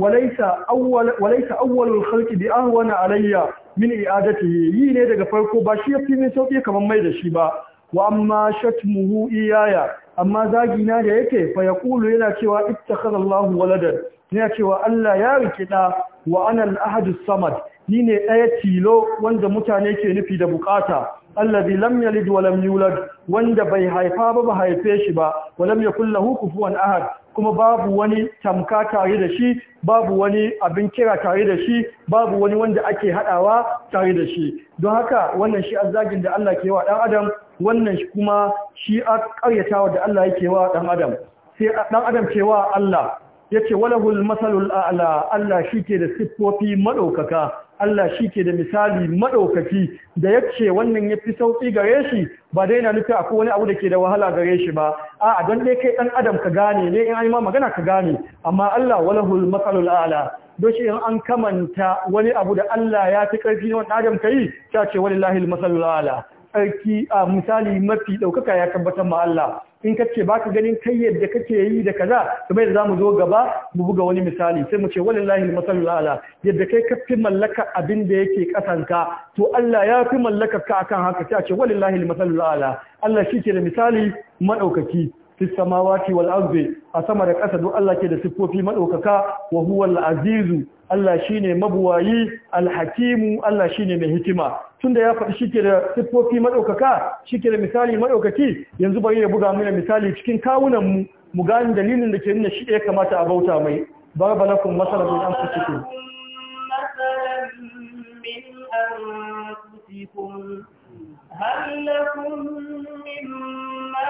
walaisa awwal halki awwalul khalqi bi ahwana alayya min i'adatihi yi ne daga farko ba shi ya fi min sauki kamar mai da shi ba wa amma shatmuhu iyaya amma zagina da yake fa yaqulu yana cewa ittakhadallahu waladan yana cewa Allah ya rike da wa ana al-ahadus samad ni ne ɗaya tilo wanda mutane ke nufi da bukata allazi lam yalid wa lam yulad wanda bai haifa ba ba haife shi ba wa lam yakul lahu kufuwan ahad kuma babu wani tamka tare da shi babu wani abin kira tare da shi babu wani wanda ake hadawa tare da shi don haka wannan shi azagin da Allah ke wa dan adam wannan kuma shi a ƙaryatawa da Allah yake wa ɗan adam sai ɗan adam cewa Allah ya ce walahul matsalul a'la Allah shi ke da siffofi maɗaukaka Allah shi ke da misali maɗaukaki da ya ce wannan ya fi sauƙi gare shi ba dai na nufi akwai wani abu da ke da wahala gare shi ba a don dai kai ɗan adam ka gane ne in an ma magana ka gane amma Allah walahul matsalul a'la don shi in an kamanta wani abu da Allah ya fi ƙarfi na wani adam ka yi ta ce walillahi masalul a'la sarki a misali mafi ɗaukaka ya tabbatar ma Allah in ka ce baka ganin kai yadda kake yi da kaza kamar yadda zamu zo gaba mu buga wani misali sai mu ce wallahi almasalul ala yadda kai ka fi mallaka abin da yake kasanka to Allah ya fi mallakar ka akan haka sai a ce wallahi almasalul ala Allah shi ke da misali madaukaki fi samawati wal ardi a sama da ƙasa duk Allah ke da siffofi madaukaka wa huwal azizu Allah shine mabuwayi alhakimu Allah shine mai hikima tunda ya faɗi ke da siffofi shi shike da misali maɗaukaki. yanzu bari ya buga mana misali cikin kawunan mu mu gani dalilin da ke nuna shi ya kamata a bauta mai barba lakum masalan min anfusikum هل لكم مما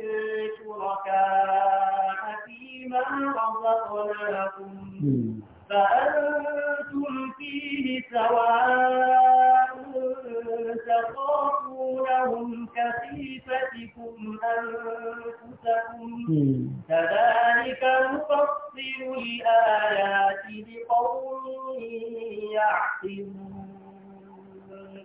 شركاء فيما رزقناكم فأنتم فيه سواء تخافونهم كخيفتكم أنفسكم كذلك نفصل الآيات لقوم يعقلون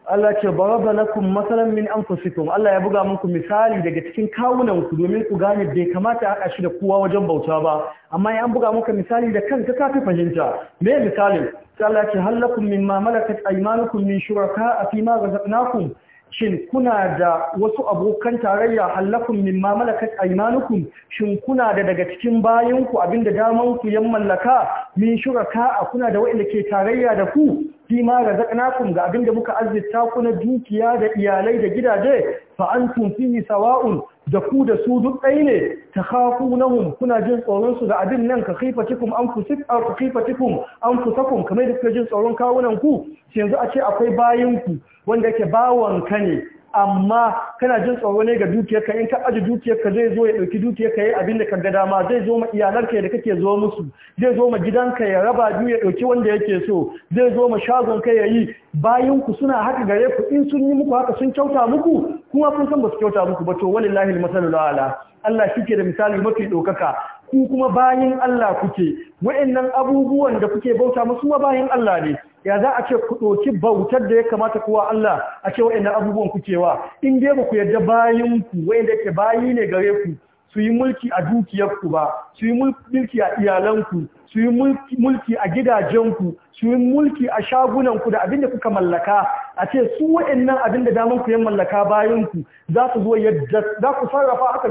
Allah ce baraba lakum masalan min anfusikum Allah ya buga muku misali daga cikin kawunan ku domin ku gane bai kamata a shi da kowa wajen bauta ba amma ya buga muku misali da kanka ka fi fahimta me misalin sai Allah ce halakum ma malakat aymanukum min shuraka fi ma razaqnakum shin kuna da wasu abokan tarayya halakum ma malakat aymanukum shin kuna da daga cikin bayanku abinda daman ku yan mallaka min shuraka kuna da wa'inda ke tarayya da ku fi ma razaqnakum ga abin da muka azzita ku na dukiya da iyalai da gidaje fa fi yi sawa'un da ku da su duk ɗai ne ta hun kuna jin tsoron su da abin nan ka khifatikum an fusikum ka an kamar da kuke jin tsoron kawunan ku yanzu a ce akwai bayin ku wanda yake bawon ka ne amma kana jin tsoro ne ga dukiyarka in ka aji dukiyarka zai zo ya dauki dukiyarka yayi abin da ka ga dama zai zo ma ka da kake zo musu zai zo ma gidanka ya raba biyu ya dauki wanda yake so zai zo ma shagon kai yayi bayan ku suna haka gare ku in sun yi muku haka sun kyauta muku kuma kun san ba su kyauta muku ba to wallahi almasalul ala Allah shike da misali mafi dokaka ku kuma bayin Allah kuke wa'annan abubuwan da kuke bauta musu ma bayin Allah ne ya za a ce ku ɗauki bautar da ya kamata kuwa Allah a ce wa'annan abubuwan ku cewa in dai ba ku yarda bayan ku wa'anda ke bayi ne gare ku su yi mulki a dukiyarku ba su yi mulki a iyalanku su yi mulki a gidajenku su yi mulki a shagunanku da abin da kuka mallaka a ce su waɗannan abinda da ku yin mallaka bayanku za su zo yadda za ku sarrafa haka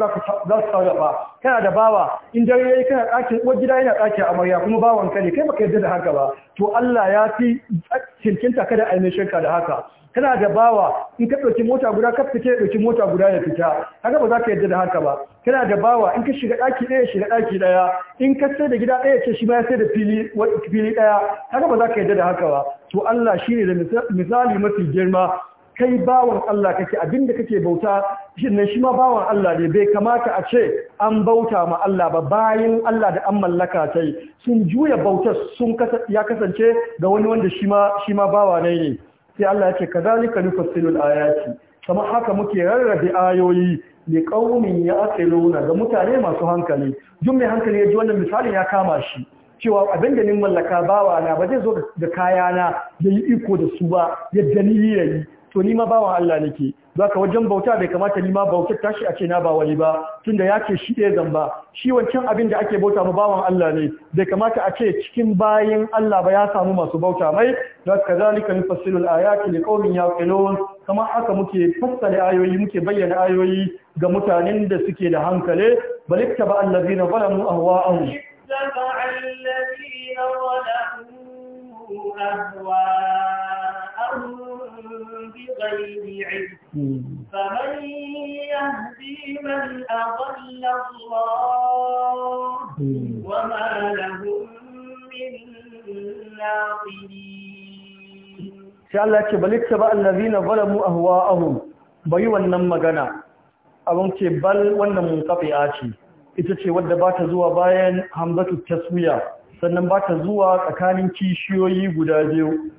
za su sarrafa kana da bawa in dare yi kana ɗakin uwar gida yana ɗakin amarya kuma bawan ka ne kai baka yadda da haka ba to Allah ya fi cincinta kada a yi shirka da haka kana da bawa in ka ɗauki mota guda ka fita ya ɗauki mota guda ya fita haka ba za ka yadda da haka ba kana da bawa in ka shiga ɗaki ɗaya shiga ɗaki ɗaya in ka sai da gida ɗaya ce shi ma ya sai da fili fili ɗaya haka ba za ka yadda da haka ba to Allah shi ne da misali mafi girma kai bawan Allah kake abinda kake bauta ne shi ma bawan Allah ne bai kamata a ce an bauta ma Allah ba bayan Allah da an mallaka tai sun juya bautar sun ya kasance ga wani wanda shi ma bawa ne ne sai Allah ya ce kazalika nufassilul ayati kuma haka muke rarrabe ayoyi li qaumin ya'qiluna ga mutane masu hankali duk mai hankali ya ji wannan misalin ya kama shi cewa abin da nin mallaka bawa na ba zai zo da kayana ya yi iko da su ba yadda ni yayi to ni ma bawan Allah nake zaka wajen bauta bai kamata ni ma bautar tashi a ce na ba wani ba tunda ya ce shi ɗaya zamba shi wancan abin da ake bauta ma bawan Allah ne bai kamata a ce cikin bayin Allah ba ya samu masu bauta mai da kazalika nufassilu al-ayati liqaumin yaqilun kama haka muke fassara ayoyi muke bayyana ayoyi ga mutanen da suke da hankali balikta ba allazina zalamu ahwa'ahum allazina zalamu ahwa'ahum Sha Allah ce, فمن يهدي ba’an أضل الله وما لهم من ناصرين wannan magana abin ce bal wannan mun munkafi'a ce ita ce wadda ba ta zuwa bayan hamzatu taswiya sannan ba ta zuwa tsakanin kishiyoyi guda biyu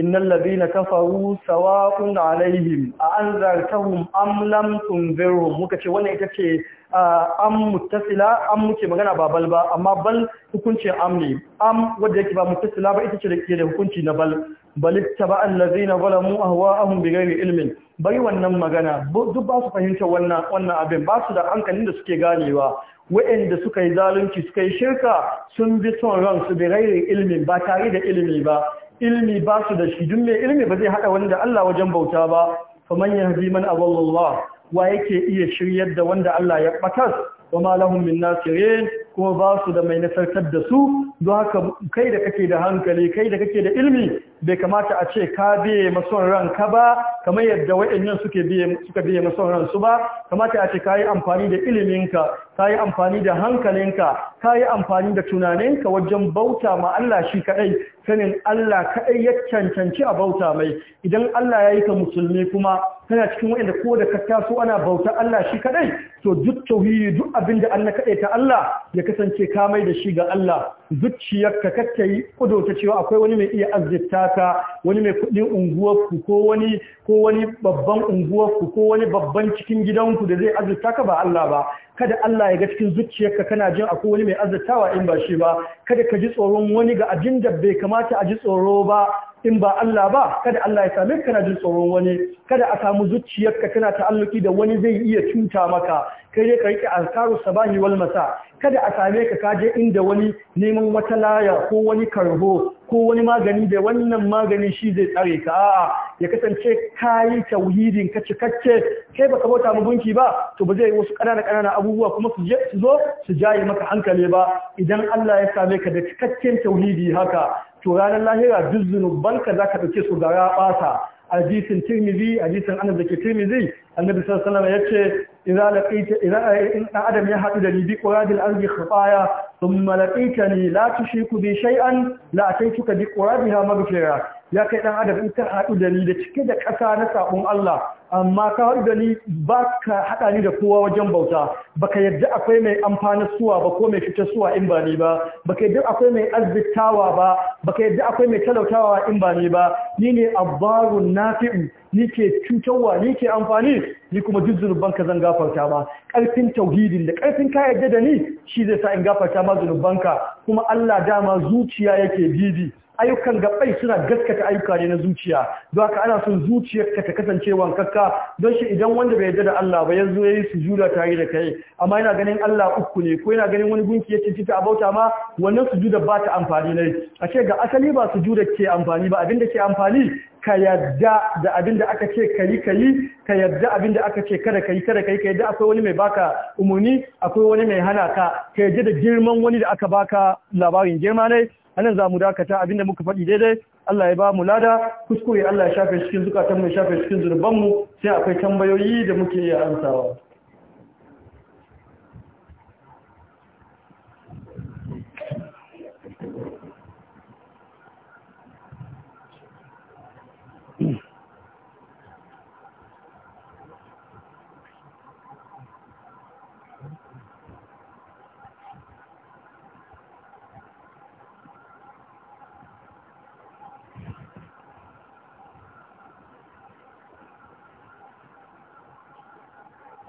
إن الذين كفروا a عليهم أأنذرتهم أم لم تنذرهم mukace wannan ita ce am muttasila am muke magana ba bal ba amma bal hukuncin am ne am wanda yake ba muttasila ba ita ce da ke da hukunci na bal bal ittaba allazina zalamu ahwa'ahum bighairi ilmin bari wannan magana duk ba su fahimta wannan wannan abin ba su da hankalin da suke ganewa waɗanda suka yi zalunci suka yi shirka sun bi son ran ransu bi ilmin ba tare da ilimi ba ilmi ba su da shi duk mai ilmi ba zai haɗa wanda Allah wajen bauta ba man yahdi man aballallah wa yake iya shiryar da wanda Allah ya batas wa ma lahum min nasirin kuma ba su da mai nasartar da su don haka kai da kake da hankali kai da kake da ilmi bai kamata a ce ka biye mason ranka ba kamar yadda waɗannan suke biye suka biye masauran su ba kamata ya ce kai amfani da iliminka kai amfani da hankalinka kai amfani da tunaninka wajen bauta ma Allah shi kaɗai. sanin Allah kaɗai ya cancanci a bauta mai idan Allah ya yi ka musulmi kuma kana cikin waɗanda ko da ka taso ana bauta Allah shi kaɗai. to duk tauhidi duk abin da Allah kadai ta Allah ya kasance ka mai da shi ga Allah zuciyarka ka yi kudo ta cewa akwai wani mai iya azzita ka wani mai kuɗin unguwarku ko wani ko wani babban unguwarku ko wani babban cikin gidanku da zai azurta ka ba Allah ba kada Allah ya ga cikin zuciyarka kana jin akwai wani mai azurtawa in ba shi ba kada ka ji tsoron wani ga abin da bai kamata a ji tsoro ba in ba Allah ba kada Allah ya same ka kana jin tsoron wani kada a samu zuciyarka kana ta'alluki da wani zai iya cuta maka kai ne ka riƙe alkaru sabahi wal masa kada a same ka kaje inda wani neman wata laya ko wani karbo ko wani magani da wannan maganin shi zai tsare ka a'a ya kasance kayi tauhidin ka cikakke kai baka bauta mu gunki ba to ba zai wasu ƙanana kanana abubuwa kuma su je su zo su jaye maka hankali ba idan Allah ya same ka da cikakken tauhidi haka to ranar lahira duk zunubanka zaka dauke su gara basa hadisin tirmizi hadisin anas dake tirmizi annabi sallallahu alaihi wasallam yace idza laqita idza in adam ya hadu da ni bi quradil ardi khafaya thumma laqitani la tushriku bi shay'an la ataytuka bi quradiha maghfira ya kai dan adam in ka haɗu da ni da cike da kasa na sabon Allah amma ka hadu da ni ba ka haɗa ni da kowa wajen bauta baka yadda akwai mai amfanin suwa ba ko mai fitar suwa in ba ni ba baka yadda akwai mai arzikawa ba baka yadda akwai mai talautawa in ba ni ba ni ne abbarun nafi'u ni ke cutarwa ni ke amfani ni kuma duk zunuban ka zan gafarta ba. karfin tauhidin da karfin ka yadda da ni shi zai sa in gafarta ma zunubanka kuma Allah dama zuciya yake bibi ayyukan gaɓai suna gaskata ayyuka ne na zuciya don haka ana son zuciyarka ta kasance wankakka don shi idan wanda bai yarda da Allah ba yanzu yayi sujuda tare da kai amma yana ganin Allah uku ne ko yana ganin wani gunki ya cinci ta abauta ma wannan sujuda ba ta amfani ne a ce ga asali ba sujuda ke amfani ba abinda ke amfani ka yarda da abinda aka ce kayi kayi ka yarda abinda aka ce kada kayi kada kayi ka yadda akwai wani mai baka umuni akwai wani mai hana ka ka yarda da girman wani da aka baka labarin girma ne anan za mu dakata abinda muka faɗi daidai Allah ya ba mu lada kuskure Allah ya shafe cikin zukatan mu shafe cikin zurbanmu mu sai akwai tambayoyi da muke iya amsawa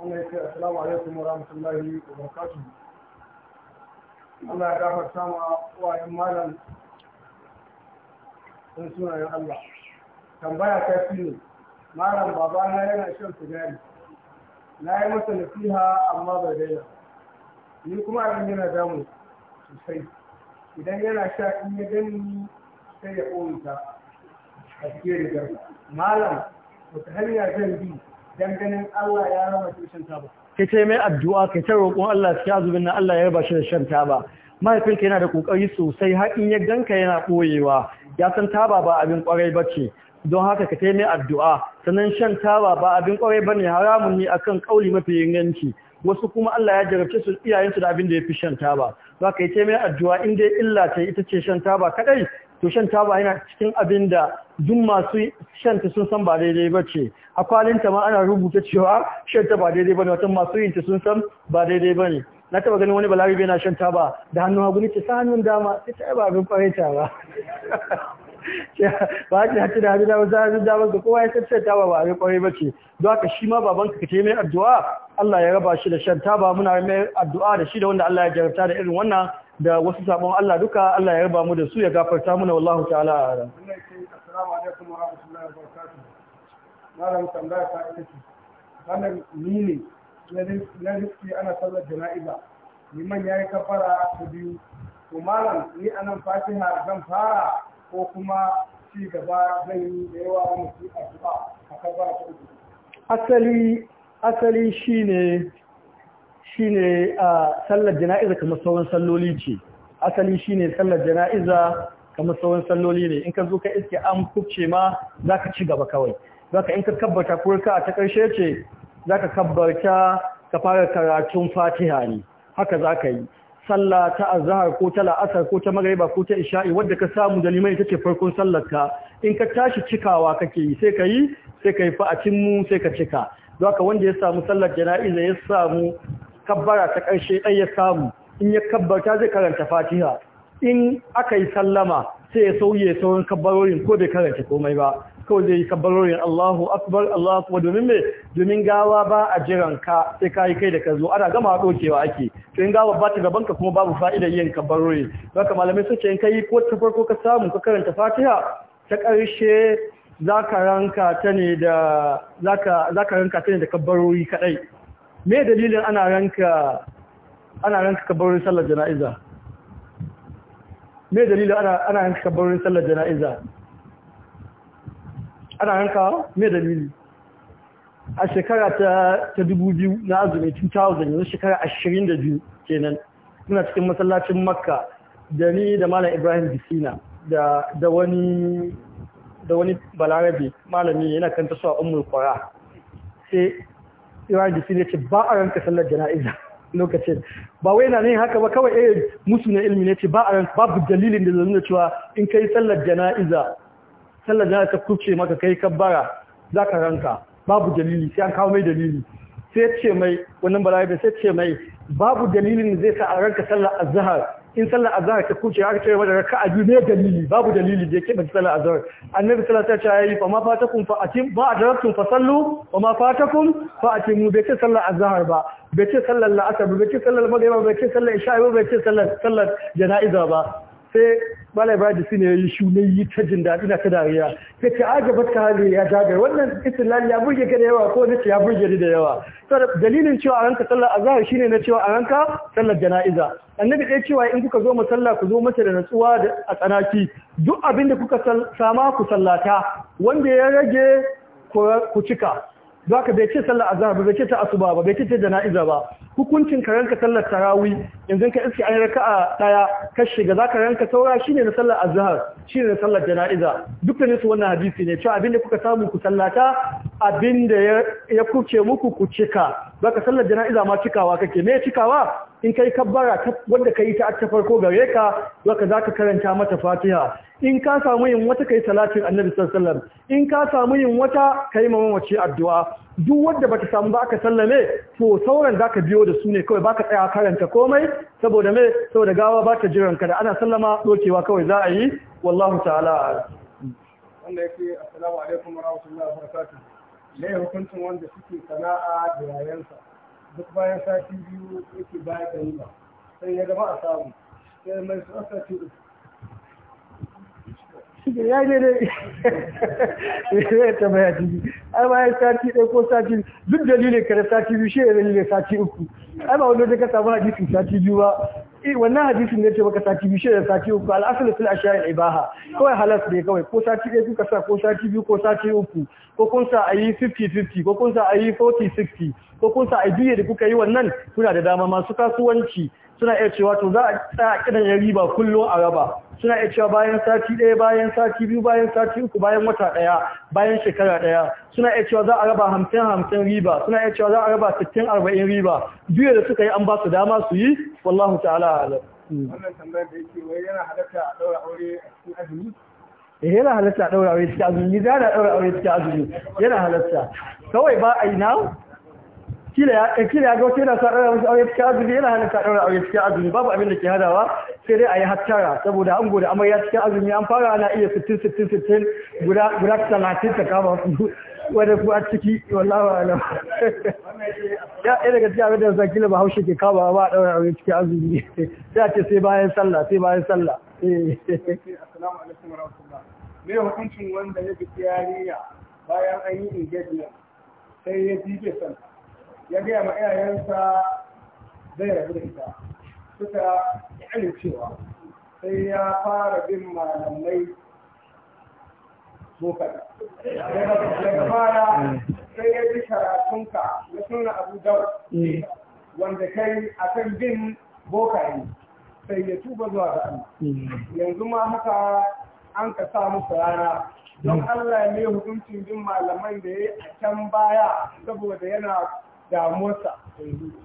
ya yake asalamu alaikum wa rahmatullahi wa barakatuh Allah ya gafarta ma wayan malam sun yin Allah tambaya ta fi ne malam babana yana shan sigari na yi masa nasiha amma bai daina ni kuma abin yana damu sosai idan yana sha in ya gani sai ya ƙorita a cikin rigar malam wata hanya zan bi dan ganin Allah ya shan taba ka ce mai addu'a ka ta roƙon Allah ya zubin na Allah ya raba shi da shan taba mahaifinka yana da ƙoƙari sosai har in ya ganka yana ɓoyewa, ya san taba ba abin ƙwarai ba ce. don haka ka ta mai addu'a sannan shan taba ba abin ƙwarai ba ne haramun ne akan kauli mafi inganci wasu kuma Allah ya jarabce su iyayensu da abin da ya fi shan taba za ka yi ce mai addu'a inda illa ce ita ce shan taba kadai to shan taba yana cikin abin da duk masu shanta sun san ba daidai ba ce a kwalinta ma ana rubuta cewa shanta ba daidai ba ne wata masu yinta sun san ba daidai ba ne na taba ganin wani bai na shan taba da hannun hagu ne ta sa hannun dama sai ta ba abin fahimta ba <laughs> ba ta hatu da hannun dama za hannun dama ga kowa ya san shan taba ba abin kwarai ba ce don haka shi ma babanka ka mai addu'a Allah ya raba shi da shan taba muna mai addu'a da shi da wanda Allah ya jarabta da irin wannan da wasu sabon Allah duka Allah ya raba mu da su ya gafarta mana wallahu ta'ala assalamu alaikum wa rahmatullahi ana sallar jana'iza yayi kafara biyu to malam ni anan fatiha zan fara ko kuma ci gaba zan yi da yawa a kafara asali asali shine a sallar jana'iza kamar salloli ce asali shine sallar jana'iza kamar sauran salloli ne in ka zo ka iske an kubce ma za ka ci gaba kawai za ka in ka kabbata kurka ta ƙarshe ce za ka kabbata ka fara karatun Fatiha ne haka za ka yi salla ta azahar ko ta la'asar ko ta magariba ko ta isha'i wadda ka samu da limani take farkon sallar ka in ka tashi cikawa kake yi sai ka yi sai ka yi fa sai ka cika zaka wanda ya samu sallar jana'iza ya samu kabbara ta ƙarshe ɗaya ya samu in ya kabbarta zai karanta fatiha in aka yi sallama sai ya sauye sauran kabbarorin ko bai karanta komai ba kawai zai yi kabbarorin Allahu akbar Allahu akbar domin me domin gawa ba a jiran ka sai kai kai da ka zo ana gama dokewa ake to in gawa ba ta gaban ka kuma babu fa'idar yin kabbarori baka malamai ce in ka yi ko ta farko ka samu ka karanta fatiha ta ƙarshe zaka ranka ta ne da ranka ta ne da kabbarori kaɗai. me dalilin ana ranka ana ranka kabarin sallar jana'iza me dalilin ana ana ranka kabarin sallar jana'iza ana ranka me dalili a shekara ta ta 2000 na azumi 2000 yanzu shekara 22 kenan muna cikin masallacin makka da ni da malam ibrahim bisina da da wani da wani balarabe malami yana kanta su umar kwara sai yawan jisi ne ce ba a ranka sallar jana'iza lokacin ba wai na ne haka ba kawai eh musu na ilmi ne ce ba a ranka babu dalilin da zai cewa in kai sallar jana'iza sallar jana'iza ta kuce maka kai kabbara za ka ranka babu dalili sai an kawo mai dalili sai ce mai wannan bala'i sai ce mai babu dalilin da zai sa a ranka sallar azhar in sallar azhar ta kuce aka ce mata raka'a biyu ne dalili babu dalili da yake ban sallar azhar annabi sallallahu alaihi wasallam ya yi fa ma fatakum fa atim ba adraktum fa sallu wa ma fatakum fa atimu bai ce sallar azhar ba bai ce sallar la'asar ba bai ce sallar maghrib ba bai ce sallar isha ba bai ce sallar sallar jana'iza ba sai malai ba jisi ne ya yi shune yi ta jin daɗi na ta dariya ta ce agabar ka hali ya daga. wannan istilal ya burge ka da yawa ko ce ya burge ni da yawa dalilin cewa a ranka sallar shi shine na cewa a ranka sallar jana'iza annabi ɗaya cewa in kuka zo masalla ku zo masa da natsuwa a tsanaki duk abin da kuka sama ku sallata wanda ya rage ku cika Zaka bai ce sallar azhar ba bai ce ta asuba ba bai ce ta jana'iza ba hukuncin ka ranka sallar tarawi yanzu ka iske an raka'a daya ka shiga zaka ranka saura shine na sallar azhar shine na sallar jana'iza dukkanin su wannan hadisi ne cewa abinda kuka samu ku sallata abinda ya kuce muku ku cika baka sallar jana'iza ma cikawa kake me cikawa in kai kabbara wanda ka yi ta ta farko gare ka zaka ka karanta mata fatiha in ka samu yin wata kai salatin annabi sallallahu alaihi wasallam in ka samu yin wata kai mamaci addu'a duk wanda baka samu ba aka sallame to sauran zaka biyo da su ne kawai baka tsaya karanta komai saboda me saboda gawa ba ta jiran ka da ana sallama dokewa kawai za a yi wallahu ta'ala wanda yake assalamu alaikum warahmatullahi wabarakatuh ne hukuncin wanda suke sana'a da yayansa duk bayan sati biyu yake baya da yi ba sai ya gaba a samu sai mai su asa ce uku ya ne ne ya ta tambaya jini ai bayan sati ɗaya ko sati duk dalilin kare sati biyu shi ya dalilin sati uku ai ba wanda zai ka samu hadisin sati biyu ba eh, wannan hadisin ne ce maka sati biyu shi shirin sati uku al'asali fil ashari ibaha kawai halas ne kawai ko sati ɗaya kuka sa ko sati biyu ko sati uku ko kun sa a yi 50-50 ko kun sa a yi 40-60 ko kun sa a biye da kuka yi wannan kuna da dama masu kasuwanci suna iya cewa to za a tsaya kidan ya riba kullum a raba suna iya cewa bayan sati ɗaya bayan sati biyu bayan sati uku bayan wata ɗaya bayan shekara ɗaya suna iya cewa za a raba hamsin hamsin riba suna iya cewa za a raba sittin arba'in riba biyu da suka yi an ba su dama su yi wallahu ta'ala alam. wannan tambayar da yake wai yana halatta a ɗaura aure a cikin azumi eh yana halatta daura aure cikin azumi da yana daura aure cikin azumi yana halatta kawai ba a ina kila ya eh, kila ya ga wata yana sa daura aure cikin azumi yana halatta daura aure cikin azumi babu abin da ke hadawa sai dai a yi hattara saboda an gode amarya cikin azumi an fara ana iya 60 60 60 guda guda 30 ta kama wadda ku a ciki wallawa alam ya ɗaya daga cikin abin da kila ba bahaushe ke kama ba a ɗaura abin cikin azumi <laughs> sai a ce sai bayan sallah sai bayan sallah eh. Assalamu alaikum warahmatullahi me hukuncin wanda ya bi yariya bayan an yi engagement sai ya ji bai ya gaya ma iyayensa zai rabu da ita suka ƙyalin cewa sai ya fara bin malamai bokar daga fara sai ya ji karatunka ya suna abu mm. wanda kai kan bin bokari sai ya tuba zuwa ga 'an, mm. yanzu ma haka an ka sa musu rana don Allah ne hukuncin bin malaman da ya yi a can baya saboda yana damuwarsa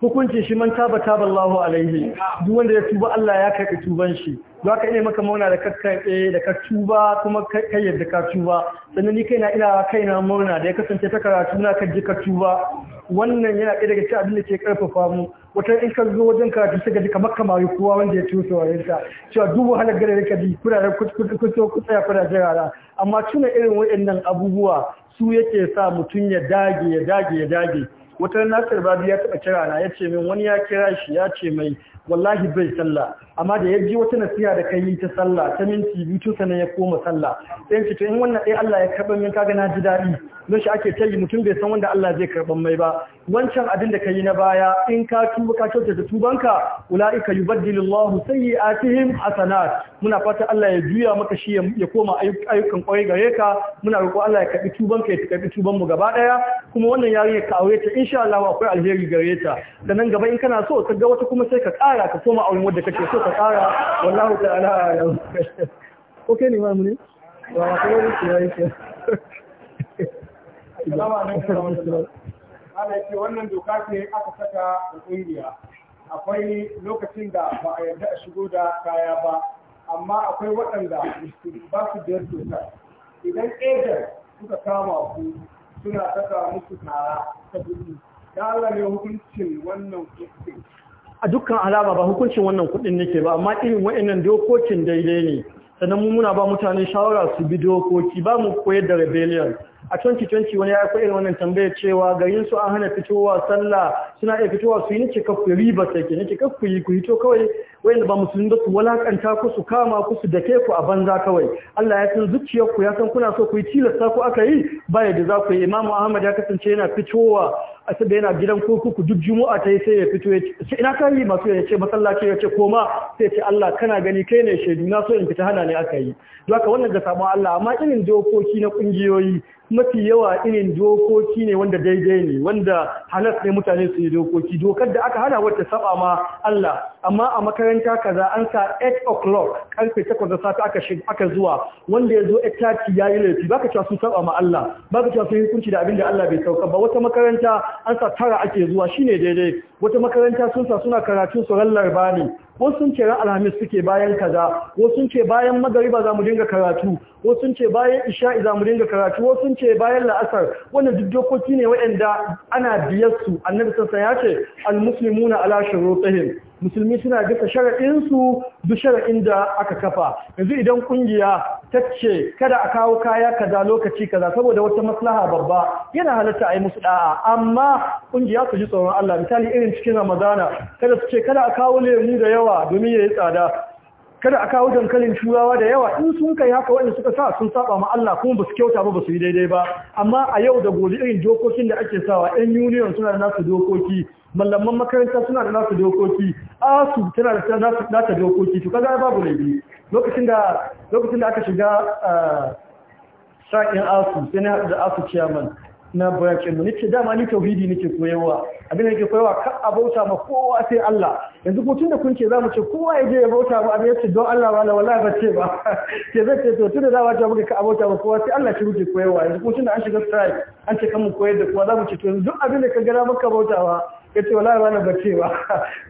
hukuncin shi man taba taba Allahu alaihi duk wanda ya tuba Allah ya karɓi tuban shi za ka iya maka mauna da kakkaɓe da ka tuba kuma kai yadda ka tuba sannan ni kaina ina kaina mauna da ya kasance ta karatu na ka ji ka tuba wannan yana ɗaya daga cikin abin da ke karfafa mu wata in ka zo wajen karatu sai ka ji kamar kamar kowa wanda ya tuso wa yanka cewa duk wahalar gare da ji kuna da kusa kusa kuna jirara amma tuna irin waɗannan abubuwa su yake sa mutum ya dage ya dage ya dage wata nasir babu ya taɓa kira na ya ce min wani ya kira shi ya ce mai wallahi bai sallah amma da ya ji wata nasiha da kai ta sallah ta minti biyu tusa sanan ya koma sallah sai ce to in wannan dai Allah ya karba min kaga na ji daɗi don shi ake tayi mutum bai san wanda Allah zai karban mai ba wancan abin da kai na baya in ka tuba ka kyauta da tubanka ulaika yubaddilullahu sayyi'atihim hasanat muna fata Allah ya juya maka shi ya koma ayyukan kwai gare ka muna roƙo Allah ya karbi tubanka ya karbi tuban mu gaba daya kuma wannan yarinya ka aure ta insha Allah akwai alheri gare ta da nan gaba in kana so ka ga wata kuma sai ka ƙara ka koma auren wanda kake so ka ƙara wallahi ta'ala okay ma wa ya yi Ana ce wannan doka ce aka saka da ƙungiya. Akwai lokacin da ba a yarda a shigo da kaya ba, amma akwai waɗanda ba su biyar doka. Idan ejar suka kama ku suna saka musu tara ta kuɗi. hukuncin wannan kuɗin. A dukkan alama ba hukuncin wannan kuɗin nake ba, amma irin waɗannan dokokin daidai ne. sannan mu muna ba mutane shawara su bi dokoki ba mu koyar da rebellion a 2020 wani ya yi irin wannan tambaya cewa garin su an hana fitowa sallah suna iya fitowa su yi nake ba riba ke nake kafu yi ku hito kawai wayanda ba musulmi ba su walakanta ku su kama ku su dake ku a banza kawai Allah ya san zuciyar ku ya san kuna so ku yi tilasta ku aka yi baya da za ku yi Imam Ahmad ya kasance yana fitowa a yana gidan kurkuku duk juma'a ta yi sai ya fito ya ce ina ka yi masu ya ce masallaci ya ce koma sai ce Allah kana gani kai ne shaidu na so in fita hana ne aka yi don haka wannan ga sabon Allah amma irin dokoki na kungiyoyi mafi yawa irin dokoki ne wanda daidai ne wanda halas ne mutane su yi dokoki dokar da aka hana wata saba ma Allah amma a makarantar makaranta kaza an sa 8 o'clock karfe 8 da safe aka shiga aka zuwa wanda ya zo 8:30 yi laifi baka cewa sun saba ma Allah baka cewa sun hukunci da abinda da Allah bai sauka ba wata makaranta an sa tara ake zuwa shine daidai wata makaranta sun sa suna karatu su rallar bani ko sun ce ran alhamis suke bayan kaza ko sun ce bayan magariba za mu dinga karatu ko sun ce bayan isha'i za mu dinga karatu ko sun ce bayan la'asar wannan duk dokoki ne waɗanda ana biyar su annabi sassan ya ce al-muslimuna ala shurutihim musulmi suna duka shara'insu duk shara'in da aka kafa yanzu idan ƙungiya ta ce kada a kawo kaya kaza lokaci kaza saboda wata maslaha babba yana halatta a yi musu da'a amma ƙungiya su ji tsoron Allah misali irin cikin Ramadana kada su ce kada a kawo lemu da yawa domin ya yi tsada kada a kawo dankalin turawa da yawa in sun kai haka waɗanda suka sa sun saba ma Allah kuma ba su kyauta ba ba su yi daidai ba amma a yau da gobe irin dokokin da ake sawa 'yan union suna da nasu dokoki mallaman makaranta suna da nasu dokoki asu tana da nasu nata dokoki to kaga babu bi lokacin da lokacin da aka shiga eh, sa'in asu sai na da asu chairman na bayakin mu nace dama ni tauhidi nake koyewa abin da nake koyewa ka a bauta ma kowa sai Allah yanzu ko tunda kun ce zamu ce kowa ya je ya bauta ma abin yace don Allah wala wallahi ba ce ba <laughs> ke zai ce to tunda zamu ce muke ka a bauta ma kowa sai Allah shi muke koyewa yanzu ko tunda an shiga strike an ce kan mu koyar da kowa zamu ce to yanzu abin da ka gara maka bautawa ya ce wala wani bace ba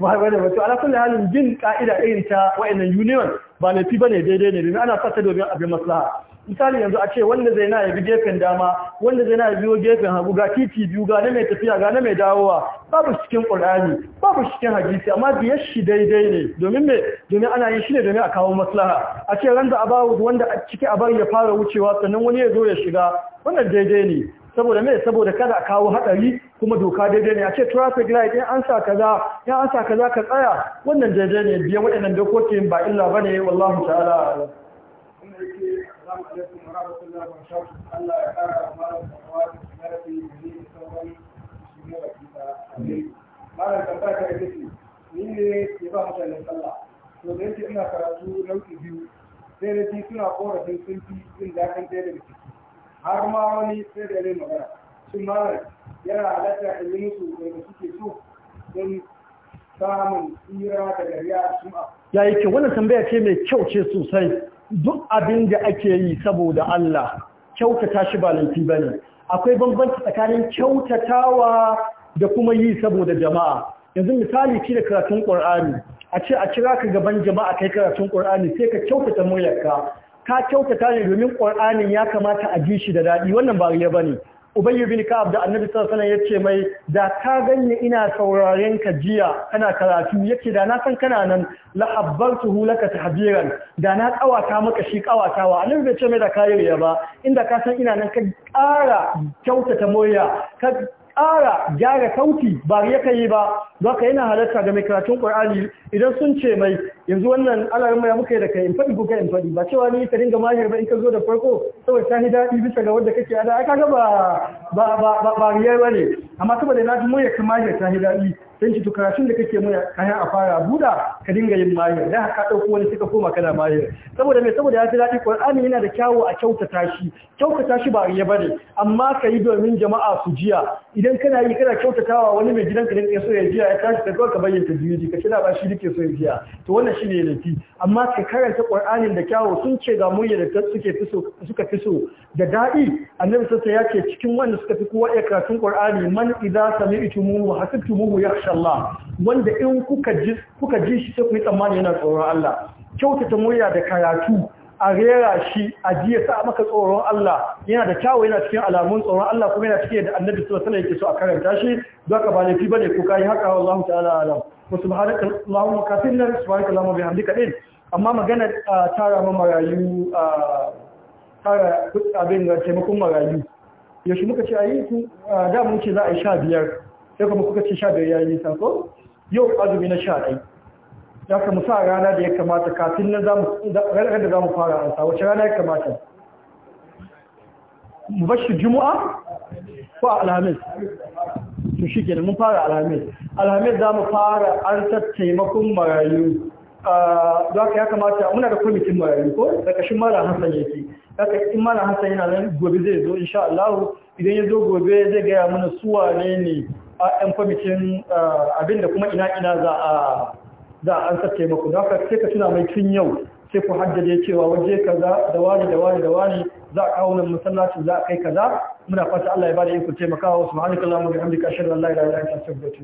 ba wani <laughs> bace ala kulli halin jin ka'ida irin ta wayannan union ba fi bane daidai ne domin ana fata domin abin maslaha misali yanzu a ce wanda zai na ya bi gefen dama wanda zai na ya biyo gefen hagu ga titi biyu ga na mai tafiya ga na mai dawowa babu cikin qur'ani babu cikin hadisi amma biyar shi daidai ne domin me domin ana yin shi ne domin a kawo maslaha a ce randa a bawo wanda a ciki a bari ya fara wucewa sannan wani ya zo ya shiga wannan daidai ne saboda me saboda kada a kawo hadari kuma doka daidai ne a ce traffic light in an sa kaza in an sa kaza ka tsaya wannan daidai ne biyan waɗannan dokokin ba illa bane wallahu ta'ala ya malam da ba sallah. ina karatu biyu, sai suna korafin sun fi jin daɗin ɗaya daga Har ma wani sai da ne magana. yana da suke so don tsira daga riya sum'a ya yi kyau wannan tambaya ce mai kyau ce sosai duk abin da ake yi saboda Allah kyautata shi ba laifi ba ne akwai bambanci tsakanin kyautatawa da kuma yi saboda jama'a yanzu misali ki da karatun ƙur'ani a ce a kira ka gaban jama'a kai karatun ƙur'ani sai ka kyautata muryarka ka kyautata ne domin ƙur'anin ya kamata a ji shi da daɗi wannan ba ba bane Ubayyu bin Ka'ab da Annabi sallallahu alaihi wasallam yace mai da ka ganni ina sauraren ka jiya kana karatu yace da na san kana nan la habbaltuhu laka tahbiran da na kawata maka shi kawatawa Annabi bai ce mai da kayi ba inda ka san ina nan ka ƙara kyautata moya ka ƙara gyara sauti ba ya kai ba za ka yana halatta ga mai karatun ƙwar'ani idan sun ce mai yanzu wannan alarin mai muka yi da kai in faɗi ko kai in faɗi ba cewa ni ka dinga mahir ba in ka zo da farko saboda ta daɗi bisa ga wanda kake ada ka ga ba ba ba ba ne amma saboda na ji mu ya kamar ta daɗi sai shi karatun da kake mai kaya a fara buda ka dinga yin mayar da haka dauko wani suka koma kana mayar saboda me saboda ya ji Qur'ani yana da kyawu a kyautata shi kyautata shi ba ya bane amma kai domin jama'a su jiya idan kana yi kana kyautatawa wani mai gidanka ne so ya jiya ya tashi da ka bayyana tajwidi ka kira ba shi dike so ya jiya to wannan shine laifi amma ka karanta Qur'ani da kyawu sun ce ga murya da suke fiso suka fiso da dadi annabi sallallahu ya ce cikin wanda suka fi kowa ya karatu Qur'ani man idza sami'tumuhu hasibtumuhu yakhsha Allah wanda in kuka ji kuka ji shi sai ku yi tsammani yana tsoron Allah kyautata murya da karatu a rera shi a jiya sa maka tsoron Allah yana da kyawu yana cikin alamun tsoron Allah kuma yana cikin da Annabi sallallahu alaihi wasallam yake so a karanta shi zaka ba laifi bane ko kai haka Allah ta'ala alam wa subhanaka Allahumma kafirna subhanaka Allahumma bihamdika din amma magana tara ma marayu tara abin da taimakon marayu yaushe muka ce a yi da mun ce za a yi sha biyar sai kuma kuka ce sha biyar ya yi sako ko yau azumi na sha ɗai ya kama sa rana da ya kamata kafin na ranar da za mu fara a sa wace rana ya kamata mu shi juma'a ko alhamis su shi ke mun fara alhamis alhamis za mu fara an taimakon marayu za ah, ka ya kamata muna da kwamitin marayu ko da kashin mara hassan yake ka in mara hassan yana nan gobe zai zo insha Allah idan ya zo gobe zai gaya mana suwa ne ne 'yan kwamitin eh, abin da kuma ina-ina za a za taimako da haka sai ka tuna mai tun yau sai ku haddade cewa waje kaza da wani da wani da wani za a kawo nan masallaci za a kai kaza muna fata Allah ya bada iko taimakawa subhanakallahumma wa bihamdika ashhadu an la ilaha illa anta